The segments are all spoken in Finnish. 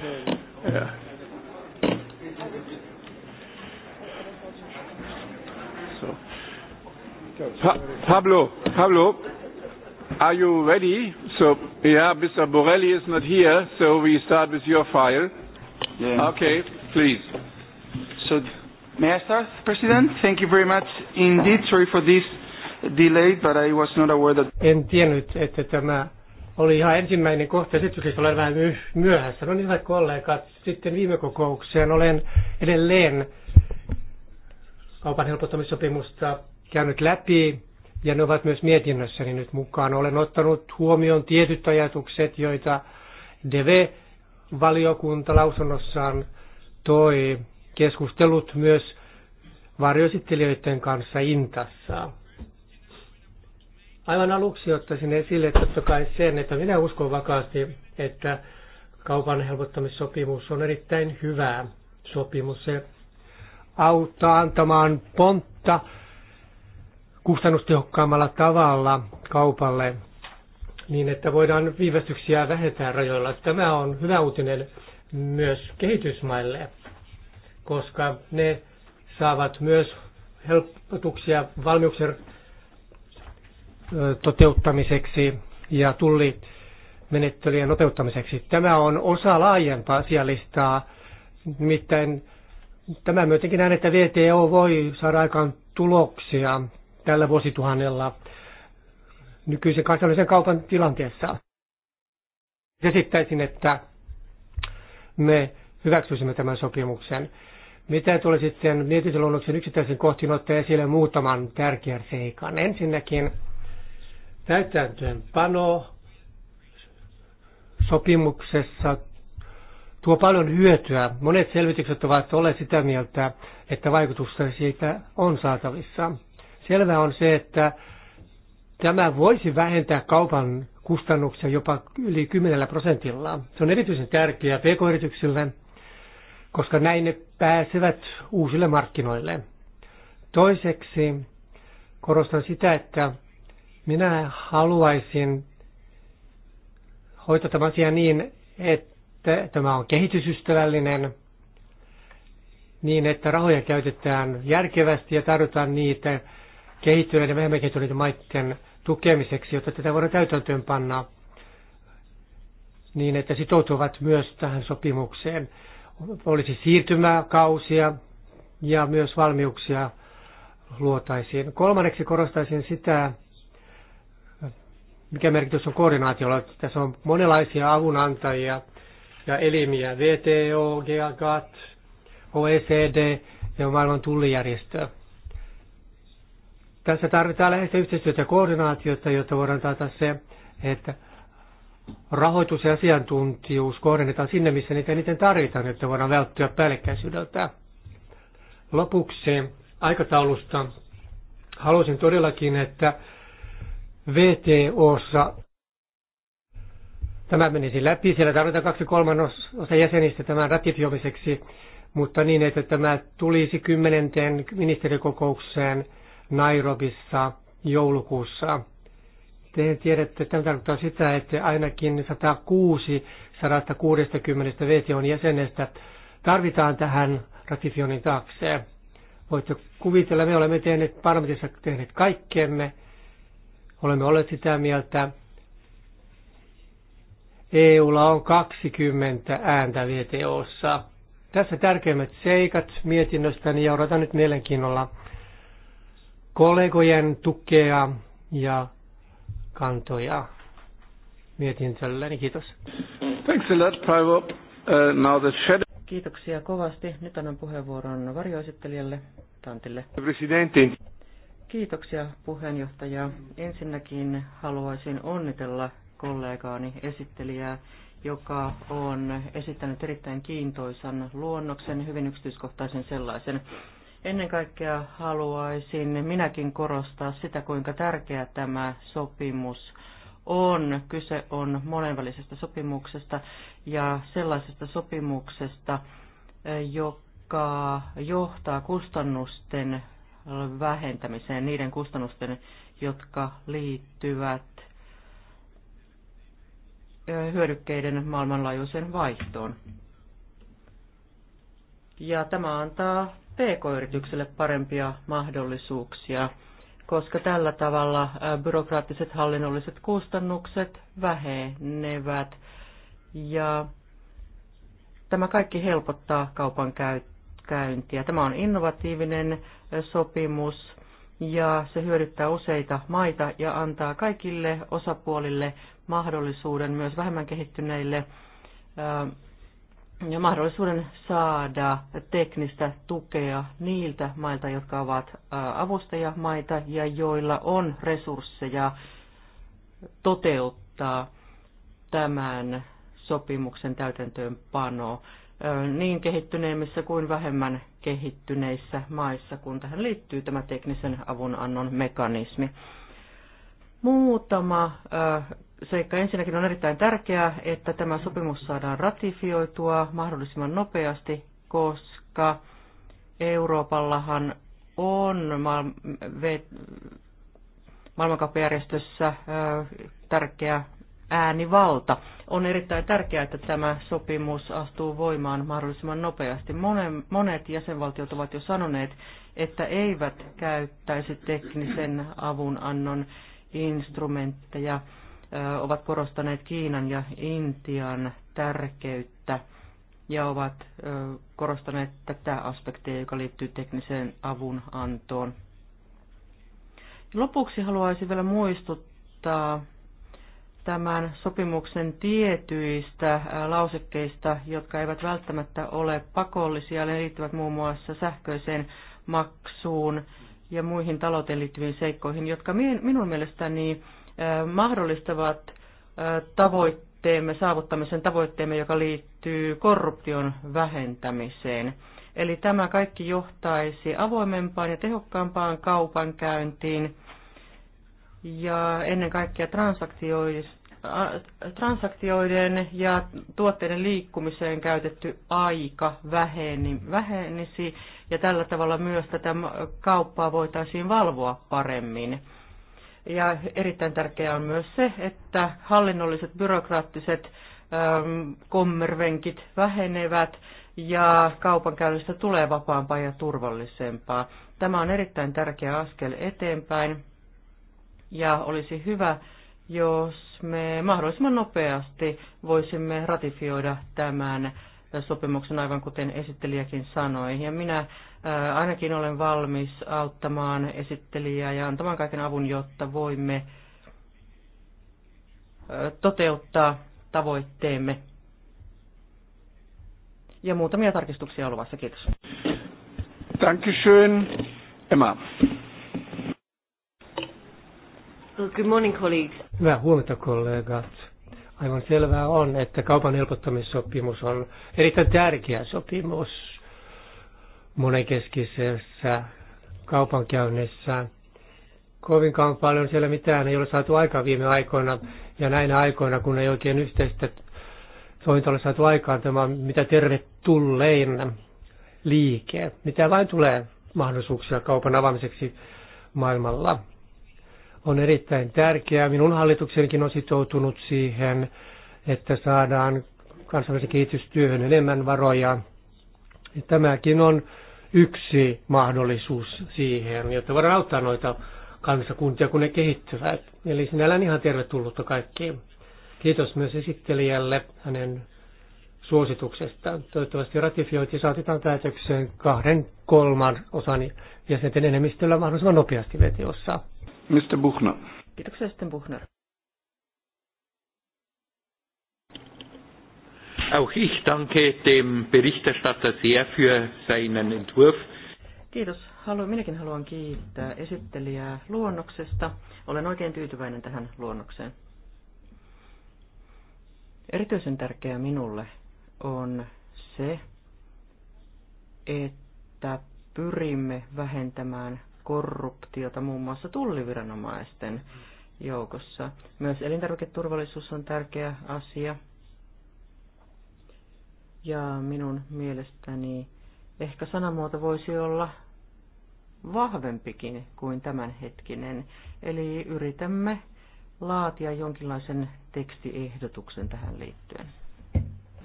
So. Pa- Pablo, Pablo, are you ready? So, yeah, Mr. Borelli is not here, so we start with your file. Yeah. Okay, please. So, may I start, President? Thank you very much indeed. Sorry for this delay, but I was not aware that. Entiendo, este tema oli ihan ensimmäinen kohta siis olen vähän myöhässä. No niin, kollegat, sitten viime kokoukseen olen edelleen kaupan helpottamissopimusta käynyt läpi, ja ne ovat myös mietinnössäni nyt mukaan. Olen ottanut huomioon tietyt ajatukset, joita DV-valiokunta lausunnossaan toi keskustelut myös varjoesittelijöiden kanssa Intassa. Aivan aluksi ottaisin esille totta kai sen, että minä uskon vakaasti, että kaupan helpottamissopimus on erittäin hyvä sopimus. Se auttaa antamaan pontta kustannustehokkaammalla tavalla kaupalle niin, että voidaan viivästyksiä vähentää rajoilla. Tämä on hyvä uutinen myös kehitysmaille, koska ne saavat myös helpotuksia valmiuksien toteuttamiseksi ja tullimenettelyjen nopeuttamiseksi. Tämä on osa laajempaa asialistaa, nimittäin tämä myötenkin näen, että VTO voi saada aikaan tuloksia tällä vuosituhannella nykyisen kansallisen kaupan tilanteessa. Esittäisin, että me hyväksyisimme tämän sopimuksen. Mitä tulee sitten mietintöluonnoksen yksittäisen kohtiin ottaa esille muutaman tärkeän seikan. Ensinnäkin Täytäntöönpano sopimuksessa tuo paljon hyötyä. Monet selvitykset ovat olleet sitä mieltä, että vaikutusta siitä on saatavissa. Selvää on se, että tämä voisi vähentää kaupan kustannuksia jopa yli 10 prosentilla. Se on erityisen tärkeää pk-yrityksille, koska näin ne pääsevät uusille markkinoille. Toiseksi korostan sitä, että minä haluaisin hoitaa tämän asian niin, että tämä on kehitysystävällinen, niin että rahoja käytetään järkevästi ja tarvitaan niitä kehittyneiden ja vähemmän kehittyneiden maiden tukemiseksi, jotta tätä voidaan täytäntöön panna niin, että sitoutuvat myös tähän sopimukseen. Olisi siirtymäkausia ja myös valmiuksia luotaisiin. Kolmanneksi korostaisin sitä, mikä merkitys on koordinaatiolla. Tässä on monenlaisia avunantajia ja elimiä, VTO, GATT, OECD ja maailman tullijärjestö. Tässä tarvitaan läheistä yhteistyötä ja koordinaatiota, jotta voidaan taata se, että rahoitus ja asiantuntijuus kohdennetaan sinne, missä niitä eniten tarvitaan, jotta voidaan välttyä päällekkäisyydeltä. Lopuksi aikataulusta haluaisin todellakin, että VTOssa tämä menisi siis läpi. Siellä tarvitaan kaksi kolmannosa jäsenistä tämän ratifioimiseksi, mutta niin, että tämä tulisi kymmenenteen ministerikokoukseen Nairobissa joulukuussa. Te tiedätte, että tämä tarkoittaa sitä, että ainakin 106 160 VTOn jäsenestä tarvitaan tähän ratifioinnin taakse. Voitte kuvitella, me olemme tehneet parlamentissa tehneet kaikkemme, Olemme olleet sitä mieltä, EUlla on 20 ääntä VTOssa. Tässä tärkeimmät seikat mietinnöstäni ja odotan nyt mielenkiinnolla kollegojen tukea ja kantoja mietintölleni. Kiitos. Thanks a lot, Paivo. Uh, now the shadow... Kiitoksia kovasti. Nyt annan puheenvuoron varjoesittelijälle Tantille. Presidentti. Kiitoksia puheenjohtaja. Ensinnäkin haluaisin onnitella kollegaani esittelijää, joka on esittänyt erittäin kiintoisan luonnoksen, hyvin yksityiskohtaisen sellaisen. Ennen kaikkea haluaisin minäkin korostaa sitä, kuinka tärkeä tämä sopimus on. Kyse on monenvälisestä sopimuksesta ja sellaisesta sopimuksesta, joka johtaa kustannusten vähentämiseen, niiden kustannusten, jotka liittyvät hyödykkeiden maailmanlaajuiseen vaihtoon. Ja tämä antaa pk-yritykselle parempia mahdollisuuksia, koska tällä tavalla byrokraattiset hallinnolliset kustannukset vähenevät ja tämä kaikki helpottaa kaupan käyttöä käyntiä. Tämä on innovatiivinen sopimus ja se hyödyttää useita maita ja antaa kaikille osapuolille mahdollisuuden, myös vähemmän kehittyneille, ja mahdollisuuden saada teknistä tukea niiltä mailta, jotka ovat avustajamaita ja joilla on resursseja toteuttaa tämän sopimuksen täytäntöönpano niin kehittyneimmissä kuin vähemmän kehittyneissä maissa, kun tähän liittyy tämä teknisen avunannon mekanismi. Muutama seikka. Ensinnäkin on erittäin tärkeää, että tämä sopimus saadaan ratifioitua mahdollisimman nopeasti, koska Euroopallahan on maailmankauppajärjestössä tärkeä äänivalta. On erittäin tärkeää, että tämä sopimus astuu voimaan mahdollisimman nopeasti. Monet jäsenvaltiot ovat jo sanoneet, että eivät käyttäisi teknisen avunannon instrumentteja, ovat korostaneet Kiinan ja Intian tärkeyttä ja ovat korostaneet tätä aspektia, joka liittyy tekniseen avunantoon. Lopuksi haluaisin vielä muistuttaa tämän sopimuksen tietyistä lausekkeista, jotka eivät välttämättä ole pakollisia. Ne liittyvät muun muassa sähköiseen maksuun ja muihin talouteen liittyviin seikkoihin, jotka minun mielestäni mahdollistavat tavoitteemme, saavuttamisen tavoitteemme, joka liittyy korruption vähentämiseen. Eli tämä kaikki johtaisi avoimempaan ja tehokkaampaan kaupankäyntiin ja ennen kaikkea transaktioiden ja tuotteiden liikkumiseen käytetty aika väheni, vähenisi ja tällä tavalla myös tätä kauppaa voitaisiin valvoa paremmin. Ja erittäin tärkeää on myös se, että hallinnolliset byrokraattiset kommervenkit vähenevät ja kaupankäynnistä tulee vapaampaa ja turvallisempaa. Tämä on erittäin tärkeä askel eteenpäin ja olisi hyvä, jos me mahdollisimman nopeasti voisimme ratifioida tämän sopimuksen, aivan kuten esittelijäkin sanoi. Ja minä äh, ainakin olen valmis auttamaan esittelijää ja antamaan kaiken avun, jotta voimme äh, toteuttaa tavoitteemme. Ja muutamia tarkistuksia on luvassa. Kiitos. schön, Emma. Good morning, colleagues. Hyvää huomenta, kollegat. Aivan selvää on, että kaupan helpottamissopimus on erittäin tärkeä sopimus monenkeskisessä kaupankäynnissä. Kovinkaan paljon siellä mitään ei ole saatu aikaan viime aikoina ja näinä aikoina, kun ei oikein yhteistä sointa ole saatu aikaan, tämä on mitä tervetullein liike, mitä vain tulee mahdollisuuksia kaupan avaamiseksi maailmalla on erittäin tärkeää. Minun hallituksenikin on sitoutunut siihen, että saadaan kansainvälisen kehitystyöhön enemmän varoja. Tämäkin on yksi mahdollisuus siihen, jotta voidaan auttaa noita kansakuntia, kun ne kehittyvät. Eli sinällään ihan tervetullutta kaikki. Kiitos myös esittelijälle hänen suosituksesta. Toivottavasti ratifiointi ja saatetaan päätökseen kahden kolman osan jäsenten enemmistöllä mahdollisimman nopeasti vetiossa. Mr. Buchner. Kiitoksia sitten Buchner. Auch ich danke dem Berichterstatter sehr für seinen Entwurf. Kiitos. Haluan, minäkin haluan kiittää esittelijää luonnoksesta. Olen oikein tyytyväinen tähän luonnokseen. Erityisen tärkeää minulle on se, että pyrimme vähentämään korruptiota muun muassa tulliviranomaisten joukossa. Myös elintarviketurvallisuus on tärkeä asia. Ja minun mielestäni ehkä sanamuoto voisi olla vahvempikin kuin tämänhetkinen. Eli yritämme laatia jonkinlaisen tekstiehdotuksen tähän liittyen.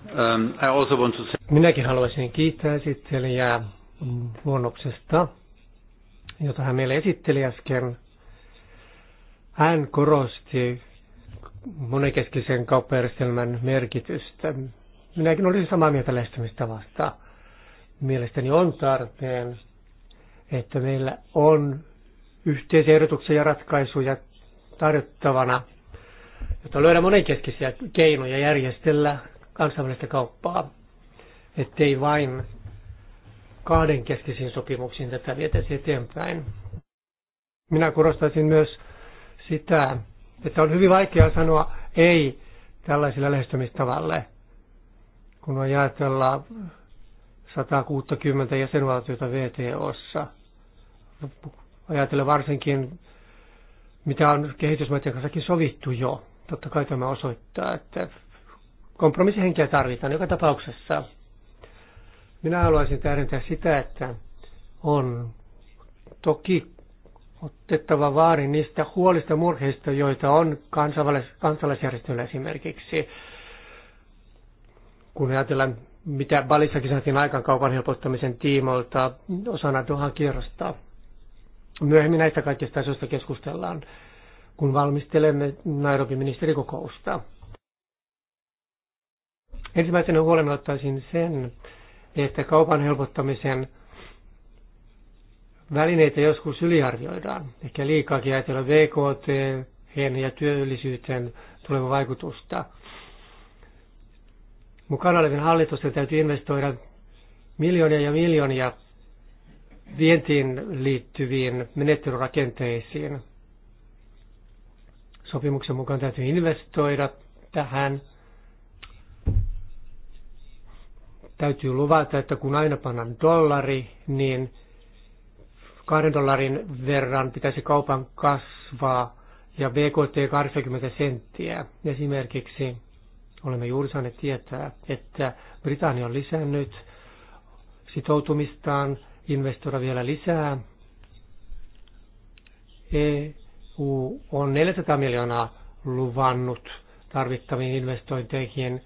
Um, Minäkin haluaisin kiittää esittelijää luonnoksesta jota hän meille esitteli äsken, hän korosti monenkeskisen kauppajärjestelmän merkitystä. Minäkin olisin samaa mieltä lähestymistavasta. Mielestäni on tarpeen, että meillä on yhteisiä ehdotuksia ja ratkaisuja tarjottavana, jotta löydä monenkeskisiä keinoja järjestellä kansainvälistä kauppaa, ettei vain kahden keskisiin sopimuksiin tätä vietäisiin eteenpäin. Minä korostaisin myös sitä, että on hyvin vaikea sanoa ei tällaiselle lähestymistavalle, kun on jaetella 160 jäsenvaltiota VTOssa. Ajatellen varsinkin, mitä on kehitysmaiden kanssa sovittu jo. Totta kai tämä osoittaa, että kompromissihenkeä tarvitaan joka tapauksessa. Minä haluaisin tähdentää sitä, että on toki otettava vaari niistä huolista murheista, joita on kansalais- kansalaisjärjestöillä esimerkiksi. Kun ajatellaan, mitä Balissakin saatiin aikaan kaupan helpottamisen tiimoilta osana Dohan kierrosta. Myöhemmin näistä kaikista asioista keskustellaan, kun valmistelemme Nairobi ministerikokousta. Ensimmäisenä huolen ottaisin sen, että kaupan helpottamisen välineitä joskus yliarvioidaan. Ehkä liikaakin ajatella VKT ja työllisyyteen tuleva vaikutusta. Mukana olevien hallitusten täytyy investoida miljoonia ja miljoonia vientiin liittyviin menettelyrakenteisiin. Sopimuksen mukaan täytyy investoida tähän – Täytyy luvata, että kun aina pannaan dollari, niin kahden dollarin verran pitäisi kaupan kasvaa ja BKT 80 senttiä. Esimerkiksi olemme juuri saaneet tietää, että Britannia on lisännyt sitoutumistaan investoida vielä lisää. EU on 400 miljoonaa luvannut tarvittaviin investointeihin –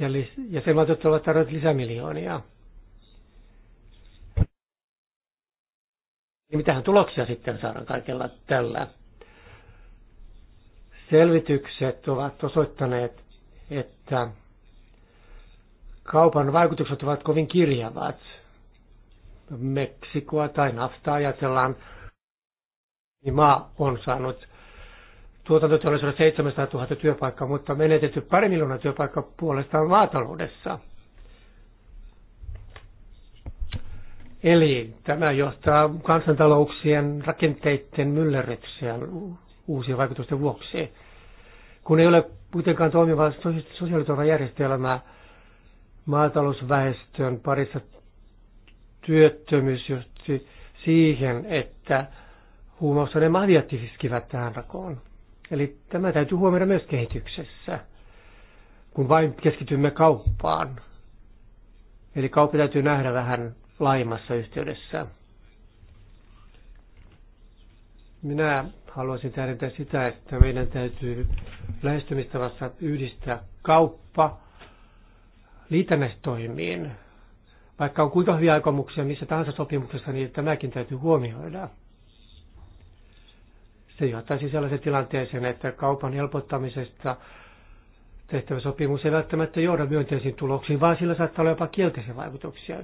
ja jäsenvaltiot ovat tarjonneet lisämiljoonia. Niin mitähän tuloksia sitten saadaan kaikella tällä? Selvitykset ovat osoittaneet, että kaupan vaikutukset ovat kovin kirjavat. Meksikoa tai naftaa ajatellaan, niin maa on saanut tuotantoteollisuudessa 700 000 työpaikkaa, mutta menetetty pari miljoonaa työpaikkaa puolestaan maataloudessa. Eli tämä johtaa kansantalouksien rakenteiden myllerrykseen uusien vaikutusten vuoksi. Kun ei ole kuitenkaan toimivaa sosiaaliturvajärjestelmää maatalousväestön parissa työttömyys johti siihen, että huumausaine mahdiat iskivät tähän rakoon. Eli tämä täytyy huomioida myös kehityksessä, kun vain keskitymme kauppaan. Eli kauppa täytyy nähdä vähän laajemmassa yhteydessä. Minä haluaisin tähdentää sitä, että meidän täytyy lähestymistavassa yhdistää kauppa liitännäistoimiin. Vaikka on kuinka hyviä aikomuksia missä tahansa sopimuksessa, niin tämäkin täytyy huomioida. Se johtaisi sellaisen tilanteeseen, että kaupan helpottamisesta tehtävä sopimus ei välttämättä johda myönteisiin tuloksiin, vaan sillä saattaa olla jopa kielteisiä vaikutuksia,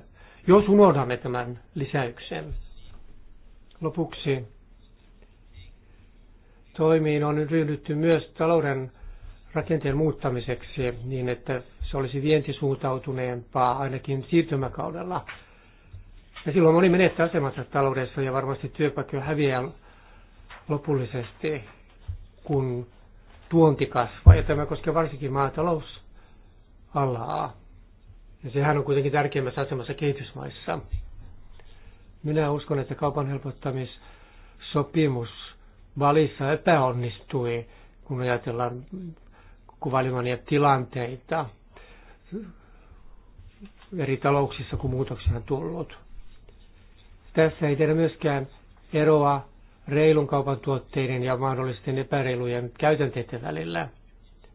jos unohdamme tämän lisäyksen. Lopuksi toimiin on ryhdytty myös talouden rakenteen muuttamiseksi niin, että se olisi vientisuuntautuneempaa ainakin siirtymäkaudella. Ja silloin moni menettää asemansa taloudessa ja varmasti työpaikkoja häviää lopullisesti, kun tuonti kasvaa, ja tämä koskee varsinkin maatalousalaa. Ja sehän on kuitenkin tärkeimmässä asemassa kehitysmaissa. Minä uskon, että kaupan helpottamissopimus valissa epäonnistui, kun ajatellaan kuvailemania tilanteita eri talouksissa, kun muutoksia on tullut. Tässä ei tehdä myöskään eroa reilun kaupan tuotteiden ja mahdollisten epäreilujen käytänteiden välillä.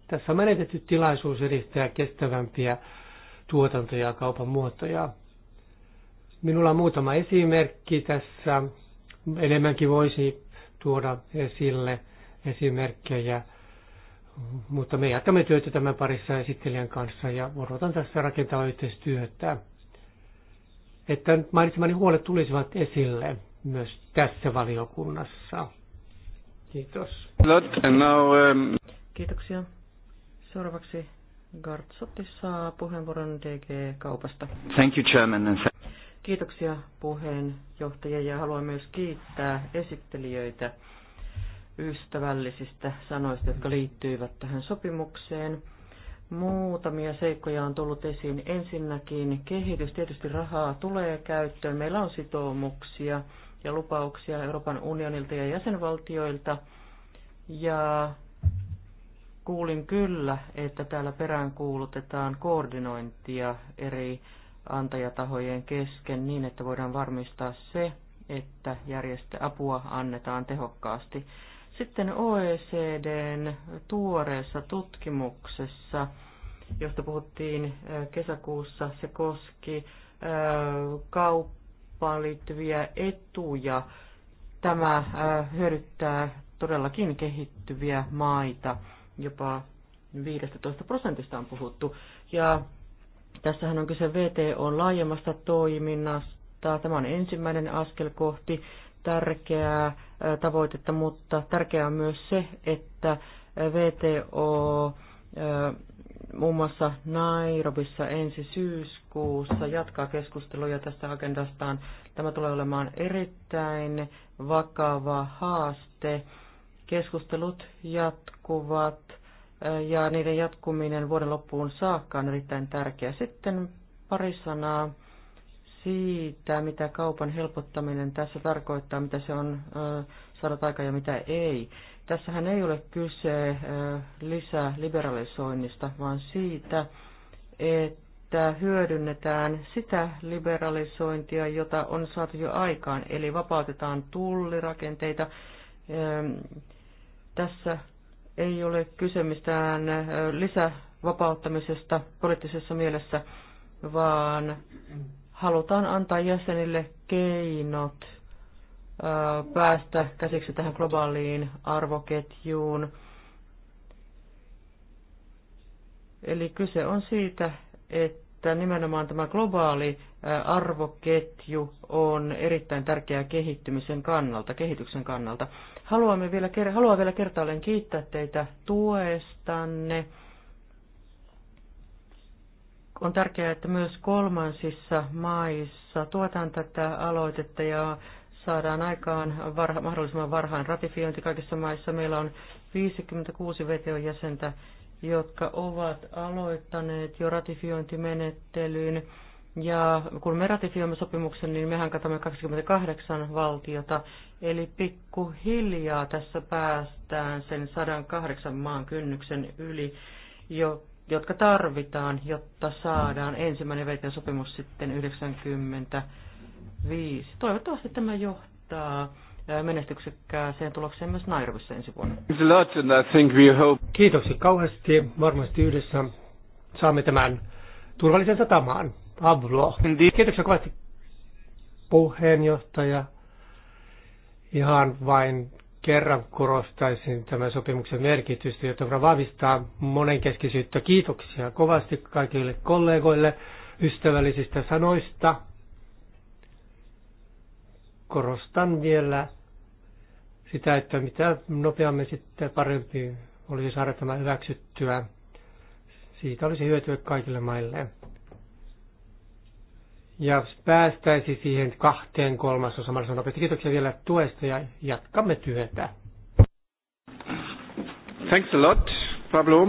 Tässä on menetetty tilaisuus edistää kestävämpiä tuotantoja ja kaupan muotoja. Minulla on muutama esimerkki tässä. Enemmänkin voisi tuoda esille esimerkkejä, mutta me jatkamme työtä tämän parissa esittelijän kanssa ja odotan tässä rakentaa yhteistyötä, että mainitsemani huolet tulisivat esille myös tässä valiokunnassa. Kiitos. Um, Kiitoksia. Seuraavaksi Gartsotti saa puheenvuoron DG-kaupasta. Thank you, Chairman. Kiitoksia puheenjohtaja ja haluan myös kiittää esittelijöitä ystävällisistä sanoista, jotka liittyivät tähän sopimukseen. Muutamia seikkoja on tullut esiin. Ensinnäkin kehitys, tietysti rahaa tulee käyttöön. Meillä on sitoumuksia ja lupauksia Euroopan unionilta ja jäsenvaltioilta. Ja kuulin kyllä, että täällä peräänkuulutetaan koordinointia eri antajatahojen kesken niin, että voidaan varmistaa se, että järjestä apua annetaan tehokkaasti. Sitten OECDn tuoreessa tutkimuksessa, josta puhuttiin kesäkuussa, se koski kauppaa kauppaan liittyviä etuja. Tämä hyödyttää todellakin kehittyviä maita, jopa 15 prosentista on puhuttu. Ja tässähän on kyse VTOn laajemmasta toiminnasta. Tämä on ensimmäinen askel kohti tärkeää tavoitetta, mutta tärkeää on myös se, että VTO muun muassa Nairobissa ensi syyskuussa jatkaa keskusteluja tästä agendastaan. Tämä tulee olemaan erittäin vakava haaste. Keskustelut jatkuvat eh, ja niiden jatkuminen vuoden loppuun saakka on erittäin tärkeää. Sitten pari sanaa siitä, mitä kaupan helpottaminen tässä tarkoittaa, mitä se on eh, saada aika ja mitä ei. Tässähän ei ole kyse lisää liberalisoinnista, vaan siitä, että hyödynnetään sitä liberalisointia, jota on saatu jo aikaan, eli vapautetaan tullirakenteita. Tässä ei ole kyse mistään lisävapauttamisesta poliittisessa mielessä, vaan halutaan antaa jäsenille keinot päästä käsiksi tähän globaaliin arvoketjuun. Eli kyse on siitä, että nimenomaan tämä globaali arvoketju on erittäin tärkeä kehittymisen kannalta, kehityksen kannalta. Haluamme vielä, haluan vielä kertaalleen kiittää teitä tuestanne. On tärkeää, että myös kolmansissa maissa tuetaan tätä aloitetta ja saadaan aikaan varha, mahdollisimman varhain ratifiointi kaikissa maissa. Meillä on 56 VTO-jäsentä, jotka ovat aloittaneet jo ratifiointimenettelyyn. Ja kun me ratifioimme sopimuksen, niin mehän katsomme 28 valtiota, eli pikkuhiljaa tässä päästään sen 108 maan kynnyksen yli, jo, jotka tarvitaan, jotta saadaan ensimmäinen VTO-sopimus sitten 90 viisi. Toivottavasti tämä johtaa menestyksekkääseen tulokseen myös Nairobissa ensi vuonna. Kiitoksia kauheasti. Varmasti yhdessä saamme tämän turvallisen satamaan. Pablo. Kiitoksia kovasti puheenjohtaja. Ihan vain kerran korostaisin tämän sopimuksen merkitystä, jotta voidaan vahvistaa monenkeskisyyttä. Kiitoksia kovasti kaikille kollegoille ystävällisistä sanoista korostan vielä sitä, että mitä nopeammin sitten parempi olisi saada tämä hyväksyttyä. Siitä olisi hyötyä kaikille maille. Ja päästäisi siihen kahteen kolmasosa mahdollisimman nopeasti. Kiitoksia vielä tuesta ja jatkamme työtä. Thanks a lot, Pablo.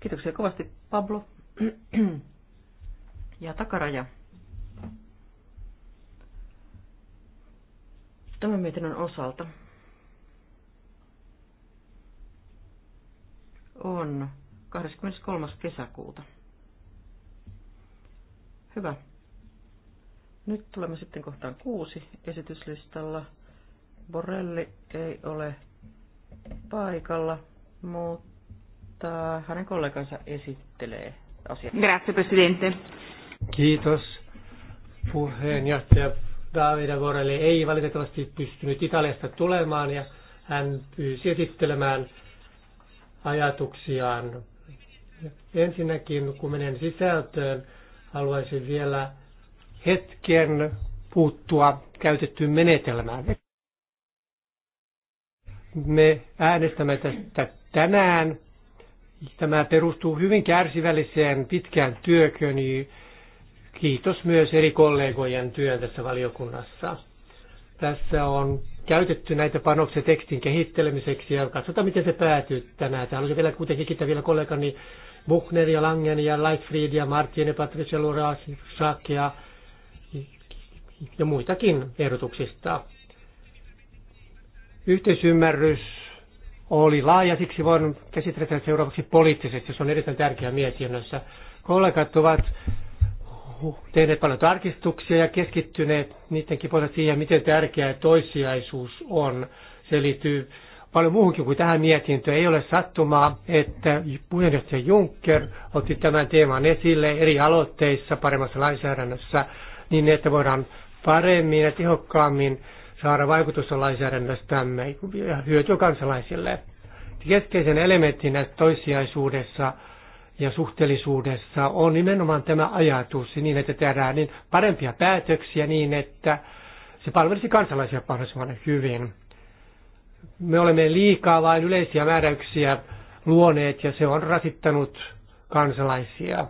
Kiitoksia kovasti, Pablo. Ja takaraja tämän mietinnön osalta on 23. kesäkuuta. Hyvä. Nyt tulemme sitten kohtaan kuusi esityslistalla. Borelli ei ole paikalla, mutta hänen kollegansa esittelee asiaa. Grazie, Presidente. Kiitos puheenjohtaja. Davida Vorelle ei valitettavasti pystynyt Italiasta tulemaan ja hän pyysi esittelemään ajatuksiaan. Ensinnäkin, kun menen sisältöön, haluaisin vielä hetken puuttua käytettyyn menetelmään. Me äänestämme tästä tänään. Tämä perustuu hyvin kärsivälliseen pitkään työköön, Kiitos myös eri kollegojen työn tässä valiokunnassa. Tässä on käytetty näitä panoksia tekstin kehittelemiseksi ja katsotaan, miten se päätyy tänään. Tämä on vielä kuitenkin kiittää vielä kollegani Buchner ja Langen ja Lightfried ja Martin ja Patricia Lurasak ja, ja muitakin ehdotuksista. Yhteisymmärrys oli laaja, siksi voin käsitellä seuraavaksi poliittisesti, se on erittäin tärkeä mietinnössä. Kollegat ovat tehneet paljon tarkistuksia ja keskittyneet niidenkin puolesta siihen, miten tärkeää toissijaisuus on. Se liittyy paljon muuhunkin kuin tähän mietintöön. Ei ole sattumaa, että puheenjohtaja Juncker otti tämän teeman esille eri aloitteissa paremmassa lainsäädännössä niin, että voidaan paremmin ja tehokkaammin saada vaikutusta lainsäädännöstämme ja hyötyä kansalaisille. Keskeisen elementtinä toissijaisuudessa ja suhteellisuudessa on nimenomaan tämä ajatus niin, että tehdään niin parempia päätöksiä niin, että se palvelisi kansalaisia mahdollisimman hyvin. Me olemme liikaa vain yleisiä määräyksiä luoneet ja se on rasittanut kansalaisia.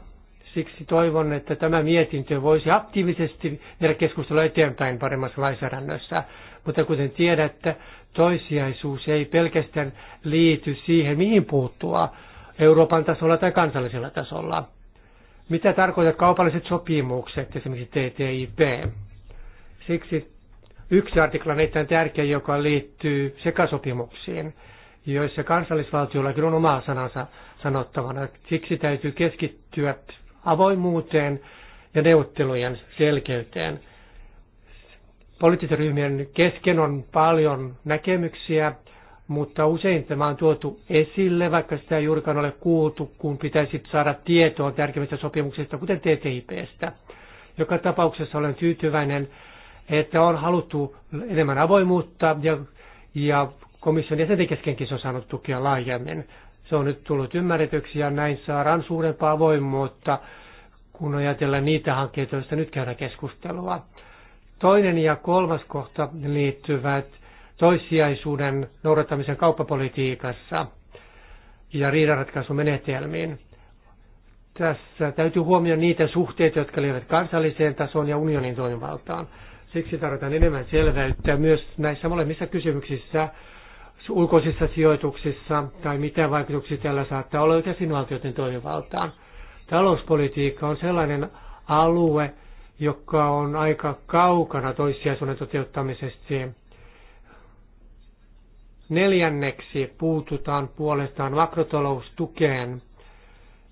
Siksi toivon, että tämä mietintö voisi aktiivisesti viedä keskustelua eteenpäin paremmassa lainsäädännössä. Mutta kuten tiedätte, toisiaisuus ei pelkästään liity siihen, mihin puuttua, Euroopan tasolla tai kansallisella tasolla. Mitä tarkoitat kaupalliset sopimukset, esimerkiksi TTIP? Siksi yksi artikla on erittäin tärkeä, joka liittyy sekasopimuksiin, joissa kansallisvaltiollakin on oma sanansa sanottavana. Siksi täytyy keskittyä avoimuuteen ja neuvottelujen selkeyteen. Poliittisen ryhmien kesken on paljon näkemyksiä mutta usein tämä on tuotu esille, vaikka sitä ei juurikaan ole kuultu, kun pitäisi saada tietoa tärkeimmistä sopimuksista, kuten TTIPstä. Joka tapauksessa olen tyytyväinen, että on haluttu enemmän avoimuutta ja, ja komission jäsenten keskenkin se on saanut tukea laajemmin. Se on nyt tullut ymmärretyksi ja näin saadaan suurempaa avoimuutta, kun ajatellaan niitä hankkeita, joista nyt käydään keskustelua. Toinen ja kolmas kohta liittyvät toissijaisuuden noudattamisen kauppapolitiikassa ja riidanratkaisumenetelmiin. Tässä täytyy huomioida niitä suhteita, jotka liittyvät kansalliseen tasoon ja unionin toimivaltaan. Siksi tarvitaan enemmän selveyttä myös näissä molemmissa kysymyksissä, ulkoisissa sijoituksissa tai mitä vaikutuksia tällä saattaa olla jäsenvaltioiden toimivaltaan. Talouspolitiikka on sellainen alue, joka on aika kaukana toissijaisuuden toteuttamisesta Neljänneksi puututaan puolestaan makrotaloustukeen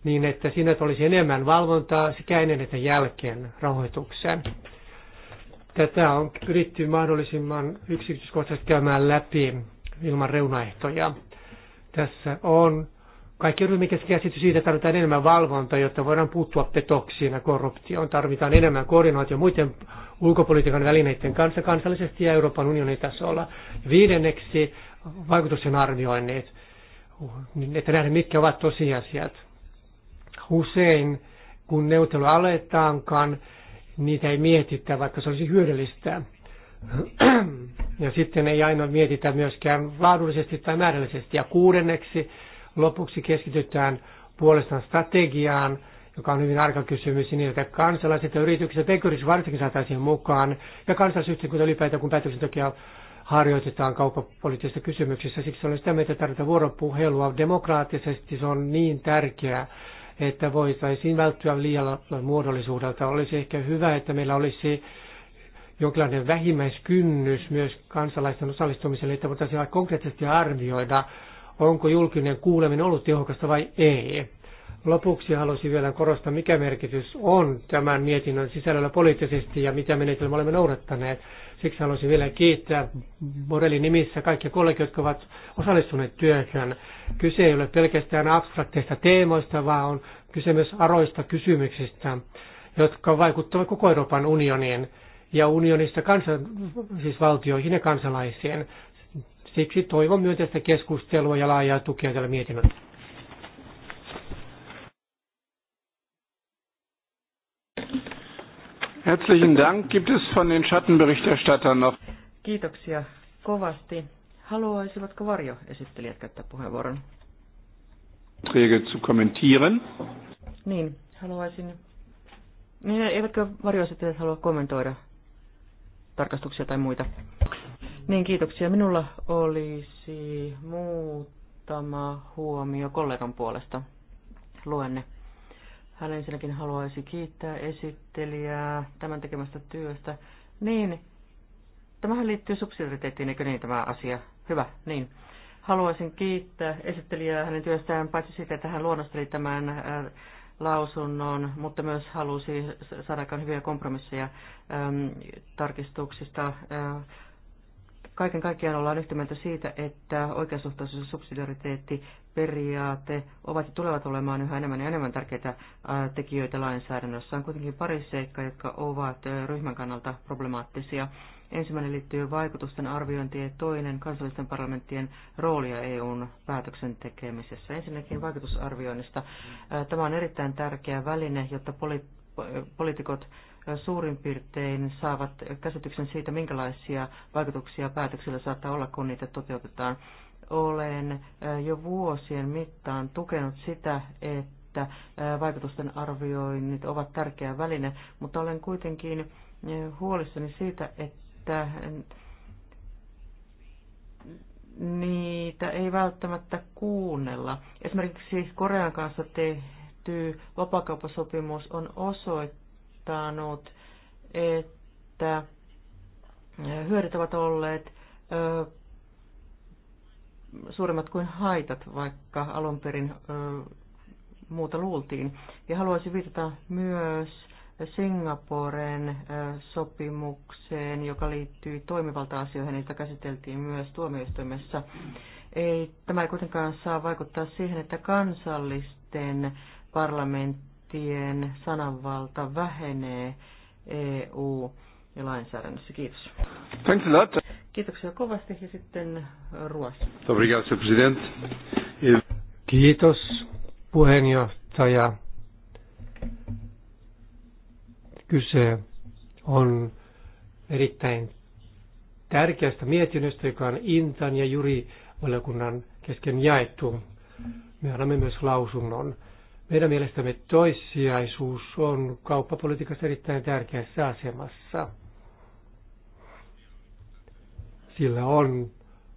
niin, että siinä olisi enemmän valvontaa sekä ennen että jälkeen rahoitukseen. Tätä on pyritty mahdollisimman yksityiskohtaisesti käymään läpi ilman reunaehtoja. Tässä on kaikki ryhmikäs käsitys siitä, että tarvitaan enemmän valvontaa, jotta voidaan puuttua petoksiin ja korruptioon. Tarvitaan enemmän koordinaatio muiden ulkopolitiikan välineiden kanssa kansallisesti ja Euroopan unionin tasolla. Viidenneksi vaikutusten arvioinnit, niin että nähdään mitkä ovat tosiasiat. Usein kun neuvottelu aletaankaan, niitä ei mietitä, vaikka se olisi hyödyllistä. Ja sitten ei aina mietitä myöskään laadullisesti tai määrällisesti. Ja kuudenneksi lopuksi keskitytään puolestaan strategiaan, joka on hyvin arka kysymys, niin että kansalaiset ja yritykset ja varsinkin saataisiin mukaan, ja kansalaisyhteiskunta ylipäätään, kun päätöksentekijä harjoitetaan kauppapoliittisissa kysymyksissä. Siksi olen sitä mieltä, että tarvitaan vuoropuhelua. Demokraattisesti se on niin tärkeää, että voitaisiin välttyä liian muodollisuudelta. Olisi ehkä hyvä, että meillä olisi jonkinlainen vähimmäiskynnys myös kansalaisten osallistumiselle, että voitaisiin konkreettisesti arvioida, onko julkinen kuuleminen ollut tehokasta vai ei. Lopuksi haluaisin vielä korostaa, mikä merkitys on tämän mietinnön sisällöllä poliittisesti ja mitä menetelmää olemme noudattaneet. Siksi haluaisin vielä kiittää Borelin nimissä kaikkia kollegoita, jotka ovat osallistuneet työhön. Kyse ei ole pelkästään abstrakteista teemoista, vaan on kyse myös aroista kysymyksistä, jotka vaikuttavat koko Euroopan unioniin ja unionista kansa, siis valtioihin ja kansalaisiin. Siksi toivon myönteistä keskustelua ja laajaa tukea tällä mietinnöllä. Herzlichen Dank. Gibt es von den Schattenberichterstattern noch? Kiitoksia kovasti. Haluaisivatko varjoesittelijät käyttää puheenvuoron? Träge zu kommentieren. Niin, haluaisin... Niin, eivätkö varjoesittelijät halua kommentoida tarkastuksia tai muita? Niin, kiitoksia. Minulla olisi muutama huomio kollegan puolesta. Luenne. ne. Hän ensinnäkin haluaisi kiittää esittelijää tämän tekemästä työstä. Niin, tämähän liittyy subsidiariteettiin, eikö niin tämä asia? Hyvä, niin. Haluaisin kiittää esittelijää hänen työstään, paitsi siitä, että hän luonnosteli tämän äh, lausunnon, mutta myös halusi saada aikaan hyviä kompromisseja äm, tarkistuksista. Äh, kaiken kaikkiaan ollaan yhtä mieltä siitä, että oikeasuhtaisuus ja subsidiariteetti periaate ovat ja tulevat olemaan yhä enemmän ja enemmän tärkeitä tekijöitä lainsäädännössä. On kuitenkin pari seikkaa, jotka ovat ryhmän kannalta problemaattisia. Ensimmäinen liittyy vaikutusten arviointiin ja toinen kansallisten parlamenttien roolia EUn päätöksentekemisessä. Ensinnäkin vaikutusarvioinnista. Tämä on erittäin tärkeä väline, jotta poliitikot suurin piirtein saavat käsityksen siitä, minkälaisia vaikutuksia päätöksillä saattaa olla, kun niitä toteutetaan olen jo vuosien mittaan tukenut sitä, että vaikutusten arvioinnit ovat tärkeä väline, mutta olen kuitenkin huolissani siitä, että niitä ei välttämättä kuunnella. Esimerkiksi Korean kanssa tehty vapakauppasopimus on osoittanut, että hyödyt ovat olleet suuremmat kuin haitat, vaikka alun perin muuta luultiin. Ja haluaisin viitata myös Singaporen sopimukseen, joka liittyy toimivalta-asioihin, niitä käsiteltiin myös tuomioistuimessa. Ei, tämä ei kuitenkaan saa vaikuttaa siihen, että kansallisten parlamenttien sananvalta vähenee EU-lainsäädännössä. Kiitos. Thanks a lot. Kiitoksia kovasti ja sitten äh, Ruos. E- Kiitos puheenjohtaja. Kyse on erittäin tärkeästä mietinnöstä, joka on Intan ja Juri valiokunnan kesken jaettu. Me annamme myös lausunnon. Meidän mielestämme toissijaisuus on kauppapolitiikassa erittäin tärkeässä asemassa – sillä on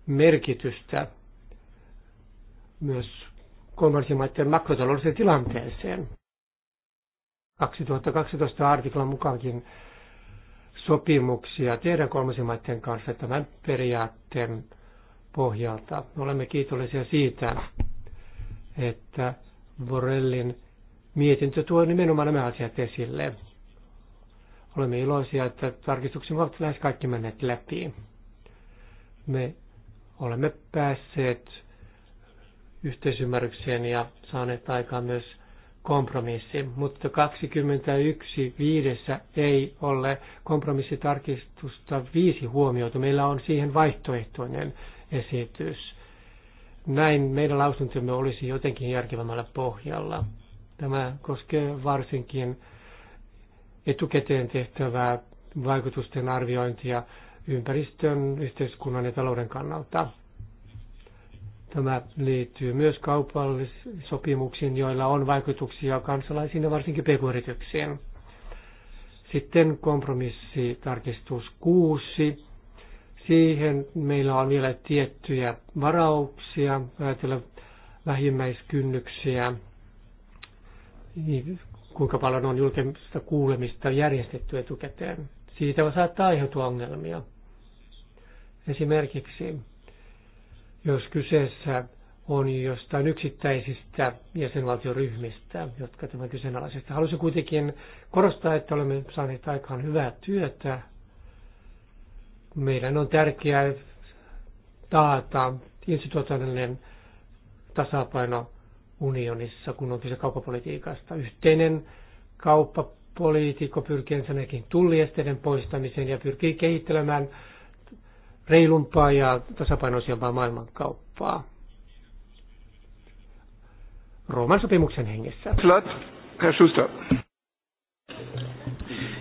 merkitystä myös kolmansien maiden makrotaloudelliseen tilanteeseen. 2012 artiklan mukaankin sopimuksia tehdään kolmansien maiden kanssa tämän periaatteen pohjalta. Olemme kiitollisia siitä, että Borellin mietintö tuo nimenomaan nämä asiat esille. Olemme iloisia, että tarkistuksen ovat lähes kaikki menneet läpi. Me olemme päässeet yhteisymmärrykseen ja saaneet aikaan myös kompromissin, mutta 21 viidessä ei ole kompromissitarkistusta viisi huomioitu. Meillä on siihen vaihtoehtoinen esitys. Näin meidän lausuntomme olisi jotenkin järkevämmällä pohjalla. Tämä koskee varsinkin etukäteen tehtävää vaikutusten arviointia ympäristön, yhteiskunnan ja talouden kannalta. Tämä liittyy myös kaupallissopimuksiin, joilla on vaikutuksia kansalaisiin ja varsinkin pk-yrityksiin. Sitten kompromissitarkistus 6. Siihen meillä on vielä tiettyjä varauksia, ajatella vähimmäiskynnyksiä, niin kuinka paljon on julkista kuulemista järjestetty etukäteen siitä saattaa aiheutua ongelmia. Esimerkiksi jos kyseessä on jostain yksittäisistä jäsenvaltioryhmistä, jotka tämän kyseenalaisesta. Haluaisin kuitenkin korostaa, että olemme saaneet aikaan hyvää työtä. Meidän on tärkeää taata institutionaalinen tasapaino unionissa, kun on kyse kauppapolitiikasta. Yhteinen kauppa poliitikko pyrkii ensinnäkin tulliesteiden poistamiseen ja pyrkii kehittelemään reilumpaa ja tasapainoisempaa maailmankauppaa. Rooman sopimuksen hengessä. Flott, Herr Schuster.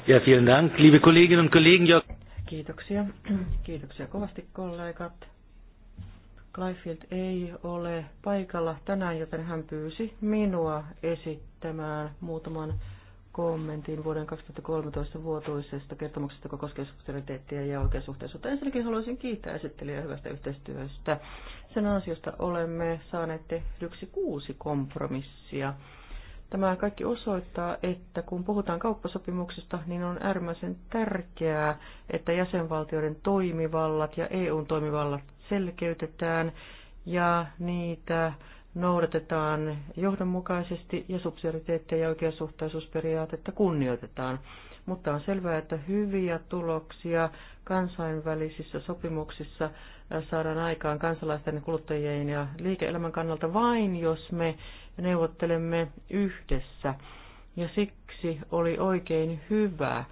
Ja vielen Dank, liebe Kolleginnen und Kollegen. Ja... Kiitoksia. Kiitoksia kovasti kollegat. Clyfield ei ole paikalla tänään, joten hän pyysi minua esittämään muutaman kommentin vuoden 2013 vuotuisesta kertomuksesta, joka koskee subsidiariteettia ja oikeasuhteisuutta. Ensinnäkin haluaisin kiittää esittelijää hyvästä yhteistyöstä. Sen ansiosta olemme saaneet tehdyksi kuusi kompromissia. Tämä kaikki osoittaa, että kun puhutaan kauppasopimuksesta, niin on äärimmäisen tärkeää, että jäsenvaltioiden toimivallat ja EUn toimivallat selkeytetään ja niitä noudatetaan johdonmukaisesti ja subsidiariteetti- ja oikeasuhtaisuusperiaatetta kunnioitetaan. Mutta on selvää, että hyviä tuloksia kansainvälisissä sopimuksissa äh, saadaan aikaan kansalaisten, kuluttajien ja liike-elämän kannalta vain, jos me neuvottelemme yhdessä. Ja siksi oli oikein hyvä,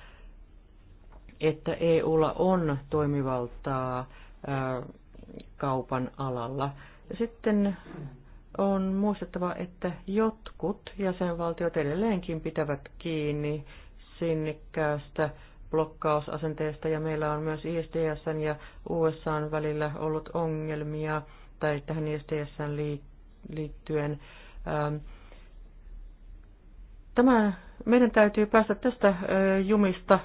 että EUlla on toimivaltaa äh, kaupan alalla. Ja sitten on muistettava, että jotkut jäsenvaltiot edelleenkin pitävät kiinni sinnikkäästä blokkausasenteesta ja meillä on myös ISDS ja USAn välillä ollut ongelmia tai tähän ISDS liittyen. Ähm, tämä, meidän täytyy päästä tästä jumista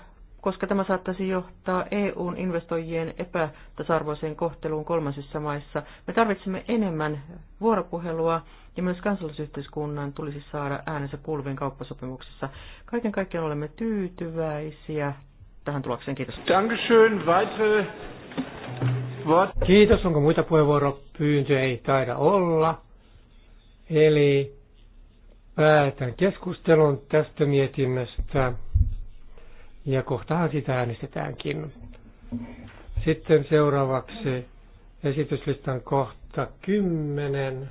koska tämä saattaisi johtaa EUn investoijien epätasarvoiseen kohteluun kolmansissa maissa. Me tarvitsemme enemmän vuoropuhelua ja myös kansallisyhteiskunnan tulisi saada äänensä kuuluvien kauppasopimuksissa. Kaiken kaikkiaan olemme tyytyväisiä tähän tulokseen. Kiitos. Dankeschön. Weitere Kiitos. Onko muita puheenvuoropyyntöjä? Ei taida olla. Eli päätän keskustelun tästä mietinnöstä ja kohtahan sitä äänestetäänkin. Sitten seuraavaksi esityslistan kohta 10.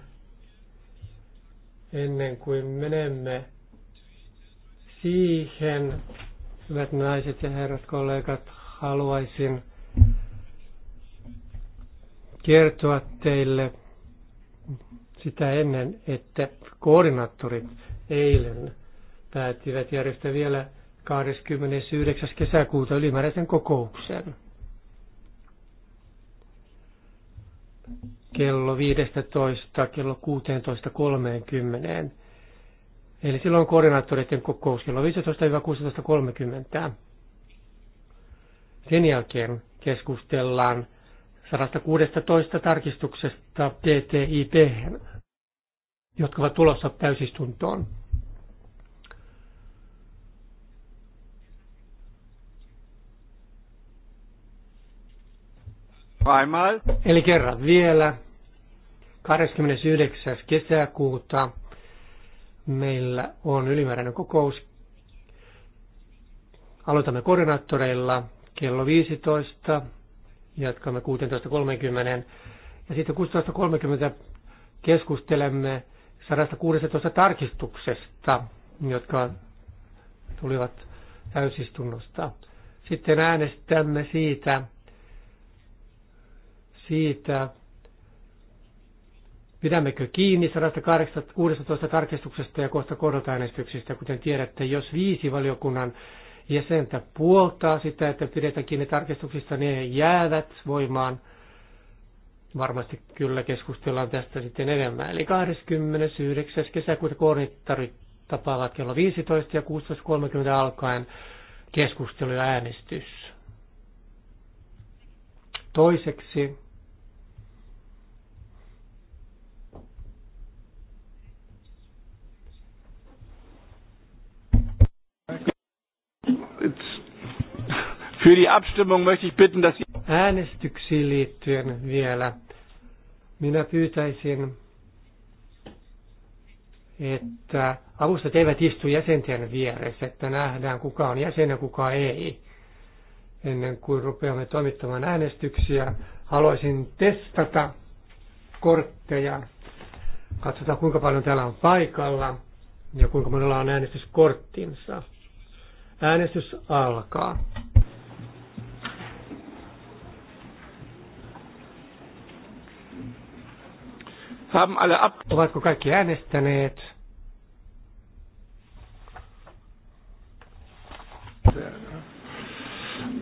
Ennen kuin menemme siihen, hyvät naiset ja herrat kollegat, haluaisin kertoa teille sitä ennen, että koordinaattorit eilen päättivät järjestää vielä 29. kesäkuuta ylimääräisen kokouksen. kello 15 kello 16.30. Eli silloin koordinaattoreiden kokous kello 15-16.30. Sen jälkeen keskustellaan 116 tarkistuksesta TTIP, jotka ovat tulossa täysistuntoon. Primal. Eli kerran vielä. 29. kesäkuuta meillä on ylimääräinen kokous. Aloitamme koordinaattoreilla kello 15, jatkamme 16.30 ja sitten 16.30 keskustelemme 116 tarkistuksesta, jotka tulivat täysistunnosta. Sitten äänestämme siitä siitä, pidämmekö kiinni 116 tarkistuksesta ja kohta kohdaltaäänestyksistä. Kuten tiedätte, jos viisi valiokunnan jäsentä puoltaa sitä, että pidetään kiinni tarkistuksista, ne jäävät voimaan. Varmasti kyllä keskustellaan tästä sitten enemmän. Eli 29. kesäkuuta koordinaattorit tapaavat kello 15 ja 16.30 alkaen keskustelu ja äänestys. Toiseksi Für die Abstimmung möchte ich bitten, dass Äänestyksiin liittyen vielä. Minä pyytäisin, että avusta eivät istu jäsenten vieressä, että nähdään kuka on jäsen ja kuka ei. Ennen kuin rupeamme toimittamaan äänestyksiä, haluaisin testata kortteja. Katsotaan kuinka paljon täällä on paikalla ja kuinka monella on äänestyskorttinsa. Äänestys alkaa. Haben alle ab... Ovatko kaikki äänestäneet?